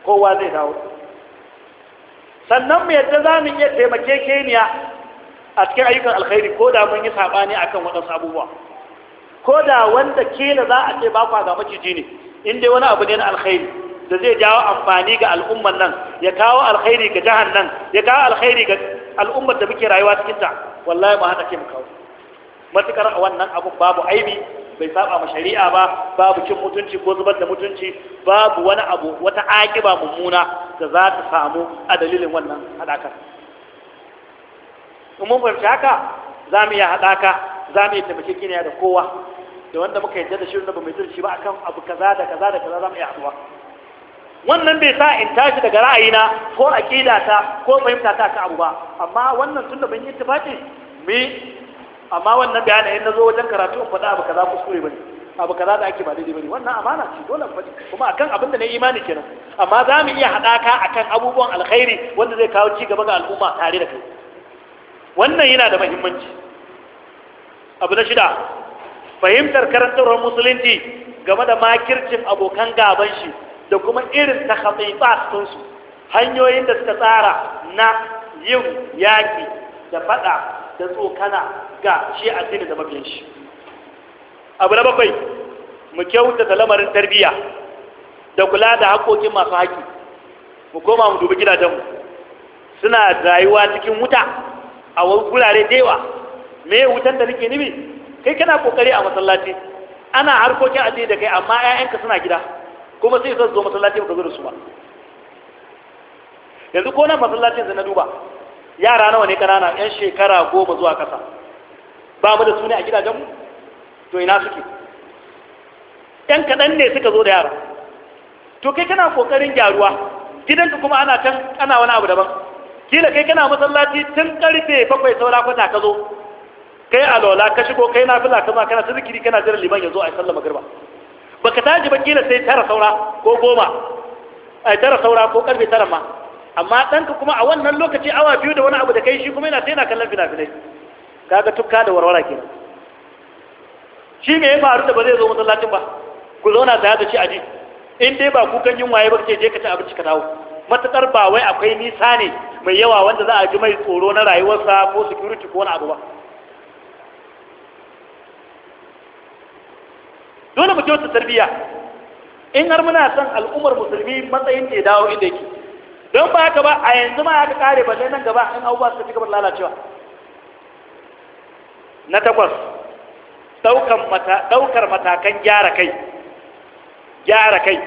kowa zai dawo sannan mu yadda za mu iya taimake keniya a cikin ayyukan alkhairi ko da mun yi saɓani akan waɗansu abubuwa ko da wanda kila za a ce ba kwa ga maciji ne in dai wani abu ne na alkhairi da zai jawo amfani ga al'ummar nan ya kawo alkhairi ga jihar nan ya kawo alkhairi ga al'ummar da muke rayuwa cikin ta wallahi ba haɗa ke mu kawo matukar a wannan abun babu aibi bai saba ma shari'a ba babu cin mutunci ko zubar da mutunci babu wani abu wata aƙiba mummuna da za ta samu a dalilin wannan haɗakar in mun fahimci haka za mu iya haɗaka za mu iya taimakekeniya da kowa da wanda muka yadda da shirin da ba mai turci ba akan abu kaza da kaza da kaza za mu iya haɗuwa wannan bai sa in tashi daga ra'ayina ko aqida ta ko fahimta ta ka abu ba amma wannan tunda ban yi tafaki Me? amma wannan bayanin in nazo wajen karatu in faɗa abu kaza kuskure bane abu kaza da ake ba daidai bane wannan amana ce dole in faɗi kuma akan abin da na imani kenan amma za mu iya haɗaka akan abubuwan alkhairi wanda zai kawo ci gaba ga al'umma tare da kai wannan yana da muhimmanci abu na shida fahimtar karantarwar musulunci game da makircin abokan gaban shi da kuma irin takhamitsa sun su hanyoyin da suka tsara na yin yaƙi da fada da tsokana ga shi addini da mabiyan shi abu na bakwai mu kyautata lamarin tarbiyya da kula da haƙoƙin masu haƙi mu koma mu dubi gidajenmu suna rayuwa cikin wuta a wurare da yawa me wutan da nake nufi kai kana kokari a masallaci ana harkokin addini da kai amma 'ya'yanka suna gida kuma sai su zo masallaci ba zo da su ba yanzu ko nan masallacin da na duba yara nawa ne kanana yan shekara goma zuwa ƙasa ba mu da su ne a gidajenmu to ina suke yan kaɗan ne suka zo da yara to kai kana ƙoƙarin gyaruwa gidanka kuma ana can ana wani abu daban kila kai kana masallaci tun karfe bakwai saura kwata ka zo kai alola ka shigo kai na fila ka zo kana ta zikiri kana jiran liman ya zo a yi sallar magriba baka tashi ba kila sai tara saura ko goma ai tara saura ko karfe tara ma amma ɗanka kuma a wannan lokaci awa biyu da wani abu da kai shi kuma yana na kallon fina-finai kaga tukka da warwara kenan shi me ya faru da ba zai zo masallacin ba ku zauna zaya da shi ji, in dai ba kukan yin waye ba ce je ka ci abinci ka dawo matakar ba wai akwai nisa ne mai yawa wanda za a ji mai tsoro na rayuwarsa ko security ko wani abu ba dole mu kyauta tarbiyya in har muna son al'ummar musulmi matsayin ya dawo inda yake don ba haka ba a yanzu ma aka kare balle nan gaba in abubuwa suka ci gaban lalacewa na takwas ɗaukar matakan gyara kai gyara kai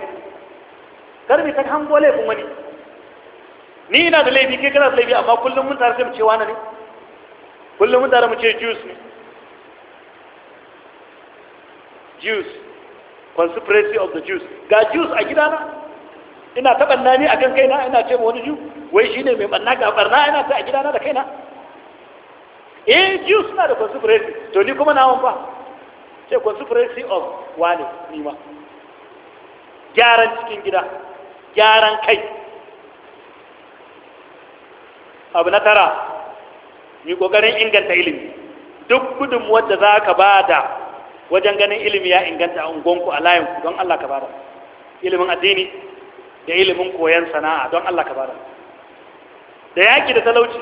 karbi ta hango laifin wani ni ina da laifi kai kana da laifi amma kullum mun tare sai mu ce wani ne kullum mun tare mu ce juice ne Jews conspiracy of the Jews ga Jews a gidana ina ni a kan kai kaina ina ce ma wani Jew wai shi ne mai ɓanna ga ɓarna ina ta a gidana da kaina eh Jews suna da conspiracy to ni kuma nawon fa ce conspiracy of wani ni ma gyaran cikin gida gyaran kai abu na tara yi ƙoƙarin inganta ilimi duk gudunmuwar da za ka ba da wajen ganin ilimi ya inganta a ungonku a layinku don Allah ka bada ilimin addini da ilimin koyon sana'a don Allah ka bada da yaki da talauci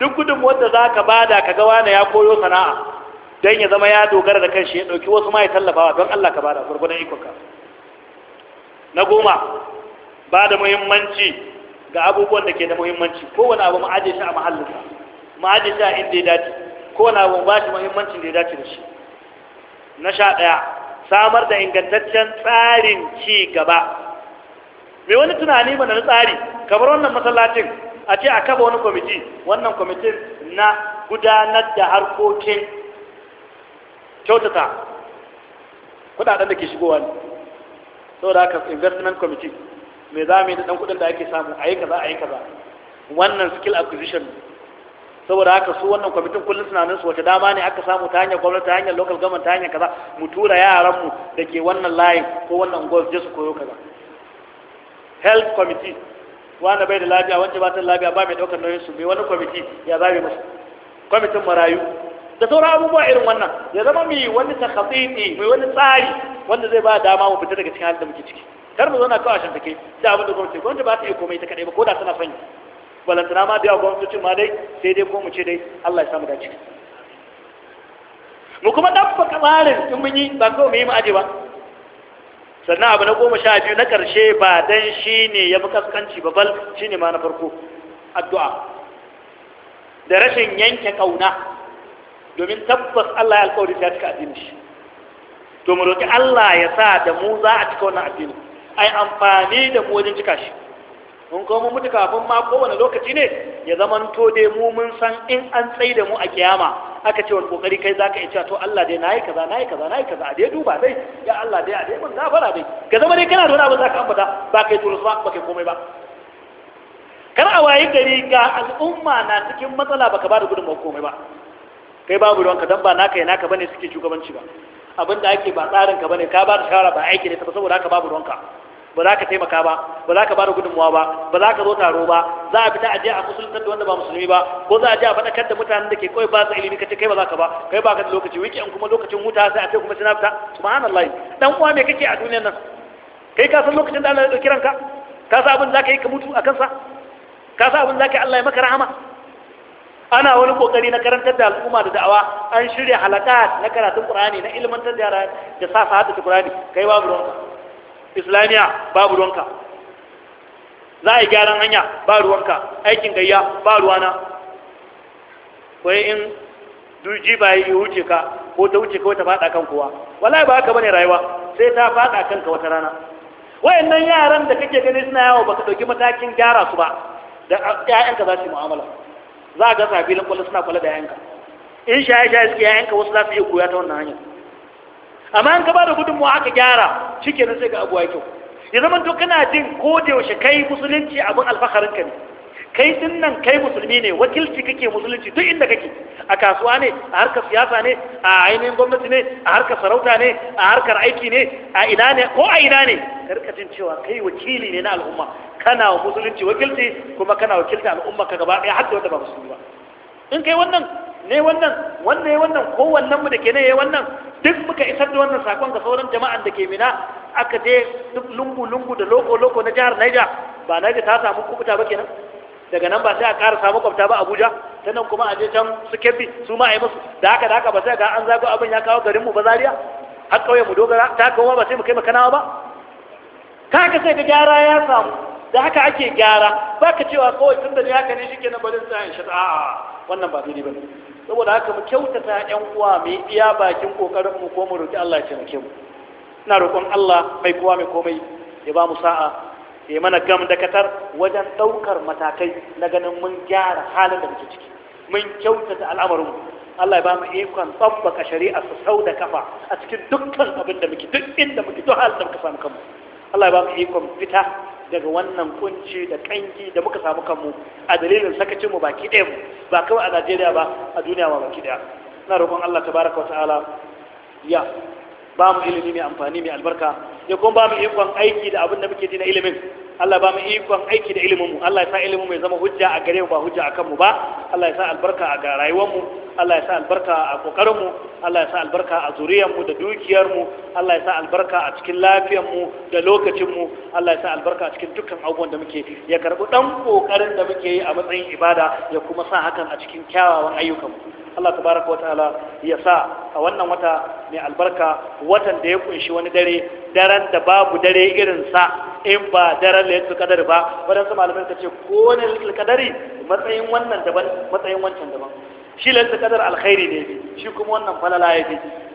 duk gudun wanda za ka bada ka ga na ya koyo sana'a don ya zama ya dogara da kanshi ya ɗauki wasu ma ya tallafawa don Allah ka bada gurgudan ikonka na goma ba da muhimmanci ga abubuwan da ke da muhimmanci kowane abu ma'aje shi a mahallinsa ma'aje shi a inda ya dace kowane abu ba shi muhimmancin da ya dace da shi na sha ɗaya samar da ingantaccen tsarin ci gaba mai wani tunani mana na tsari kamar wannan masallacin a ce a kaba wani kwamiti wannan kwamitin na gudanar da harkokin kyautata kudaden da ke shigowa ne da aka investment committee mai za da ɗan kudin da ake samu a yi kaza a yi kaza wannan skill acquisition saboda haka su wannan kwamitin kullum nan su wace dama ne aka samu ta hanyar gwamnati ta hanyar local government ta hanyar kaza mu tura yaran mu da ke wannan layin ko wannan gwamnati, je su koyo kaza health committee wanda bai da lafiya wanda ba ta lafiya ba mai daukar nauyin su bai wani kwamiti ya zabe musu kwamitin marayu da sauran abubuwa irin wannan ya zama mai wani takhatiti mai wani tsari wanda zai ba dama mu fita daga cikin halin da muke ciki kar mu zauna kawai a shantake da abin da gwamnati gwamnati ba ta iya komai ta kadai ba ko da tana son yi balantana ma biya cin ma dai sai dai ko mu ce dai Allah ya samu dace mu kuma dabba tsarin in mun yi ba kawai mu yi mu aje ba sannan abu na goma sha biyu na ƙarshe ba dan shi ne ya fi kaskanci babal shi ne ma na farko addu'a da rashin yanke ƙauna domin tabbas Allah ya alƙawari ta cika addini shi to mu roƙi Allah ya sa da mu za a cika wannan addini ai amfani da mu wajen cika shi mun kawo mun mutu kafin ma kowane lokaci ne ya to dai mu mun san in an tsai da mu a kiyama aka ce wani kokari kai zaka iya cewa to Allah dai nayi kaza nayi kaza nayi kaza a dai duba dai ya Allah dai a dai mun gafara dai ka zama dai kana da ba zaka ambata ba kai to ba ba kai komai ba kar a wayi gari ga al'umma na cikin matsala baka ba da gudunmawar komai ba kai babu ruwanka don ba naka ya naka bane suke shugabanci ba abinda ake ba tsarin ka bane ka ba da shawara ba aiki ne ta saboda haka babu ruwanka ba za ka taimaka ba ba za ka ba da gudunmuwa ba ba za ka zo taro ba za a fita a je a musuluntar da wanda ba musulmi ba ko za a je a faɗakar da mutanen da ke kawai ba su ilimi ka ce kai ba za ka ba kai ba ka da lokaci wiki an kuma lokacin huta sai a ce kuma suna fita subhanallah Ɗan uwa me kake a duniyar nan kai ka san lokacin da Allah ya dauki ranka ka san abin da za ka yi ka mutu a kansa ka san abin da za ka yi Allah ya maka rahama ana wani kokari na karantar da al'umma da da'awa an shirya halaka na karatun qur'ani na ilmantar da yara da sa su hadda qur'ani kai babu ruwanka islamiya babu ruwanka za a yi gyaran hanya ba ruwanka aikin gayya ba ruwana wai in duji ba yi wuce ka ko ta wuce ka wata faɗa kan kowa wallahi ba haka bane rayuwa sai ta faɗa kanka wata rana wayannan yaran da kake gani suna yawo baka dauki matakin gyara su ba da ƴaƴanka za su yi mu'amala za ga sabilin kullu suna kula da ƴaƴanka in shaye shaye suke ƴaƴanka wasu za su iya koya ta wannan hanyar amma an ka bada gudunmuwa aka gyara shike sai ga abuwa kyau ya zama to kana jin ko da yaushe kai musulunci abin alfaharin ka ne kai din nan kai musulmi ne wakilci kake musulunci duk inda kake a kasuwa ne a harkar siyasa ne a ainihin gwamnati ne a harkar sarauta ne a harkar aiki ne a ina ne ko a ina ne karka jin cewa kai wakili ne na al'umma kana wa musulunci wakilci kuma kana wakilta al'umma ka gaba ɗaya har da wanda ba musulmi ba in kai wannan ne wannan wanda ya wannan ko wannan mu da ke ne ya wannan duk muka isar da wannan sakon ga sauran jama'an da ke mina aka je duk lungu lungu da loko loko na jihar Niger ba Niger ta samu kubuta ba kenan daga nan ba sai a ƙara samu kwafta ba Abuja ta nan kuma a je can su kebbi su ma a yi musu da haka da haka ba sai ga an zago abin ya kawo garinmu ba Zariya, har ƙauyen mu dogara ta kawo ba sai mu kai makanawa ba ka haka sai ga gyara ya samu da haka ake gyara ba ka cewa kawai tun da ne haka ne shi kenan ba zai sa in shaɗa a'a wannan ba daidai ba ne saboda haka mu kyautata yan uwa mu iya bakin kokarin mu ko mu roki Allah ya taimake mu ina roƙon Allah mai kowa mai komai ya ba mu sa'a ya mana gam da katar wajen ɗaukar matakai na ganin mun gyara halin da muke ciki mun kyautata al'amarin mu Allah ya ba mu ikon tsabbaka shari'a su sau da kafa a cikin dukkan abin da muke duk inda muke duk halin da muka samu kanmu Allah ya ba mu ikon fita daga wannan kunci da kanki da muka samu kanmu a dalilin sakacin mu baki ɗaya mu ba kawai a Najeriya ba a duniya ma baki ɗaya na roƙon Allah tabaraka wa ta'ala ya ba mu ilimi mai amfani mai albarka ya kuma ba mu ikon aiki da abin da muke ji na ilimin Allah ba mu ikon aiki da ilimin mu Allah ya sa ilimin mai zama hujja a gare mu ba hujja akan mu ba Allah ya sa albarka a rayuwar mu Allah ya sa albarka a kokarin mu Allah ya sa albarka a zuriyar mu da dukiyar mu Allah ya sa albarka a cikin lafiyar mu da lokacin mu Allah ya sa albarka a cikin dukkan abubuwan da muke ya karbi dan kokarin da muke yi a matsayin ibada ya kuma sa hakan a cikin kyawawan ayyukan mu Allah tabaraka wa ta'ala ya sa a wannan wata mai albarka watan da ya kunshi wani dare daren da babu dare irin sa in ba daren laylatul qadar ba wadansu malamai suka ce ko ne laylatul matsayin wannan daban matsayin wancan daban shi laylatul kadar alkhairi ne shi kuma wannan falala yake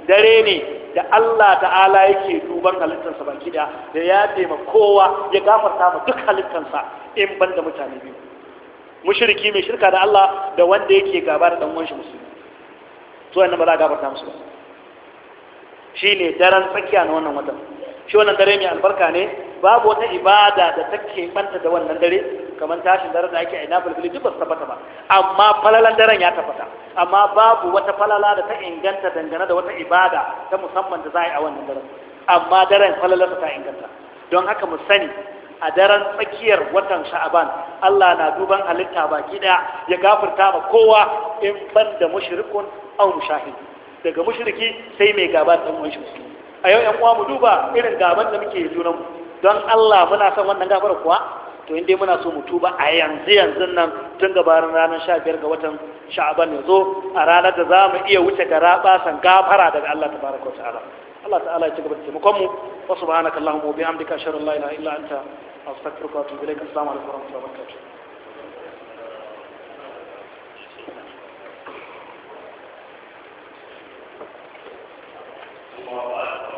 dare ne da Allah ta'ala yake duban halittarsa baki da da ya taima kowa ya gafarta ma duk halittarsa in ban da mutane biyu mushriki mai shirka da Allah da wanda yake gaba da dan uwan shi musulmi to wannan ba za a gafarta musu ba shine daren tsakiya na wannan watan shi wannan dare mai albarka ne babu wata ibada da ta keɓanta da wannan dare kamar tashin dare da ake a ina bulbuli duk ba su tabbata ba amma falalan daren ya tabbata amma babu wata falala da ta inganta dangane da wata ibada ta musamman da za a yi a wannan daren amma daren falalarsa ta inganta don haka mu sani a daren tsakiyar watan sha'aban Allah na duban halitta baki daya ya gafarta ma kowa in ban da mushrikun aw mushahidi daga mushriki sai mai gaba da mushrik a yau yan'uwa uwa mu duba irin gaban da muke junan mu don Allah muna son wannan gabar kuwa to inda muna so mu tuba a yanzu yanzu nan tun gabanin ranar sha biyar ga watan sha'aban yanzu a ranar da za mu iya wuce gara basan gafara daga Allah tabaraka ta'ala Allah ta'ala ya ci gaba da taimakon mu ba subhanakallahumma kallon mu ashhadu an la ilaha illa anta a wa atubu ilaik assalamu alaikum wa rahmatullahi الله أكبر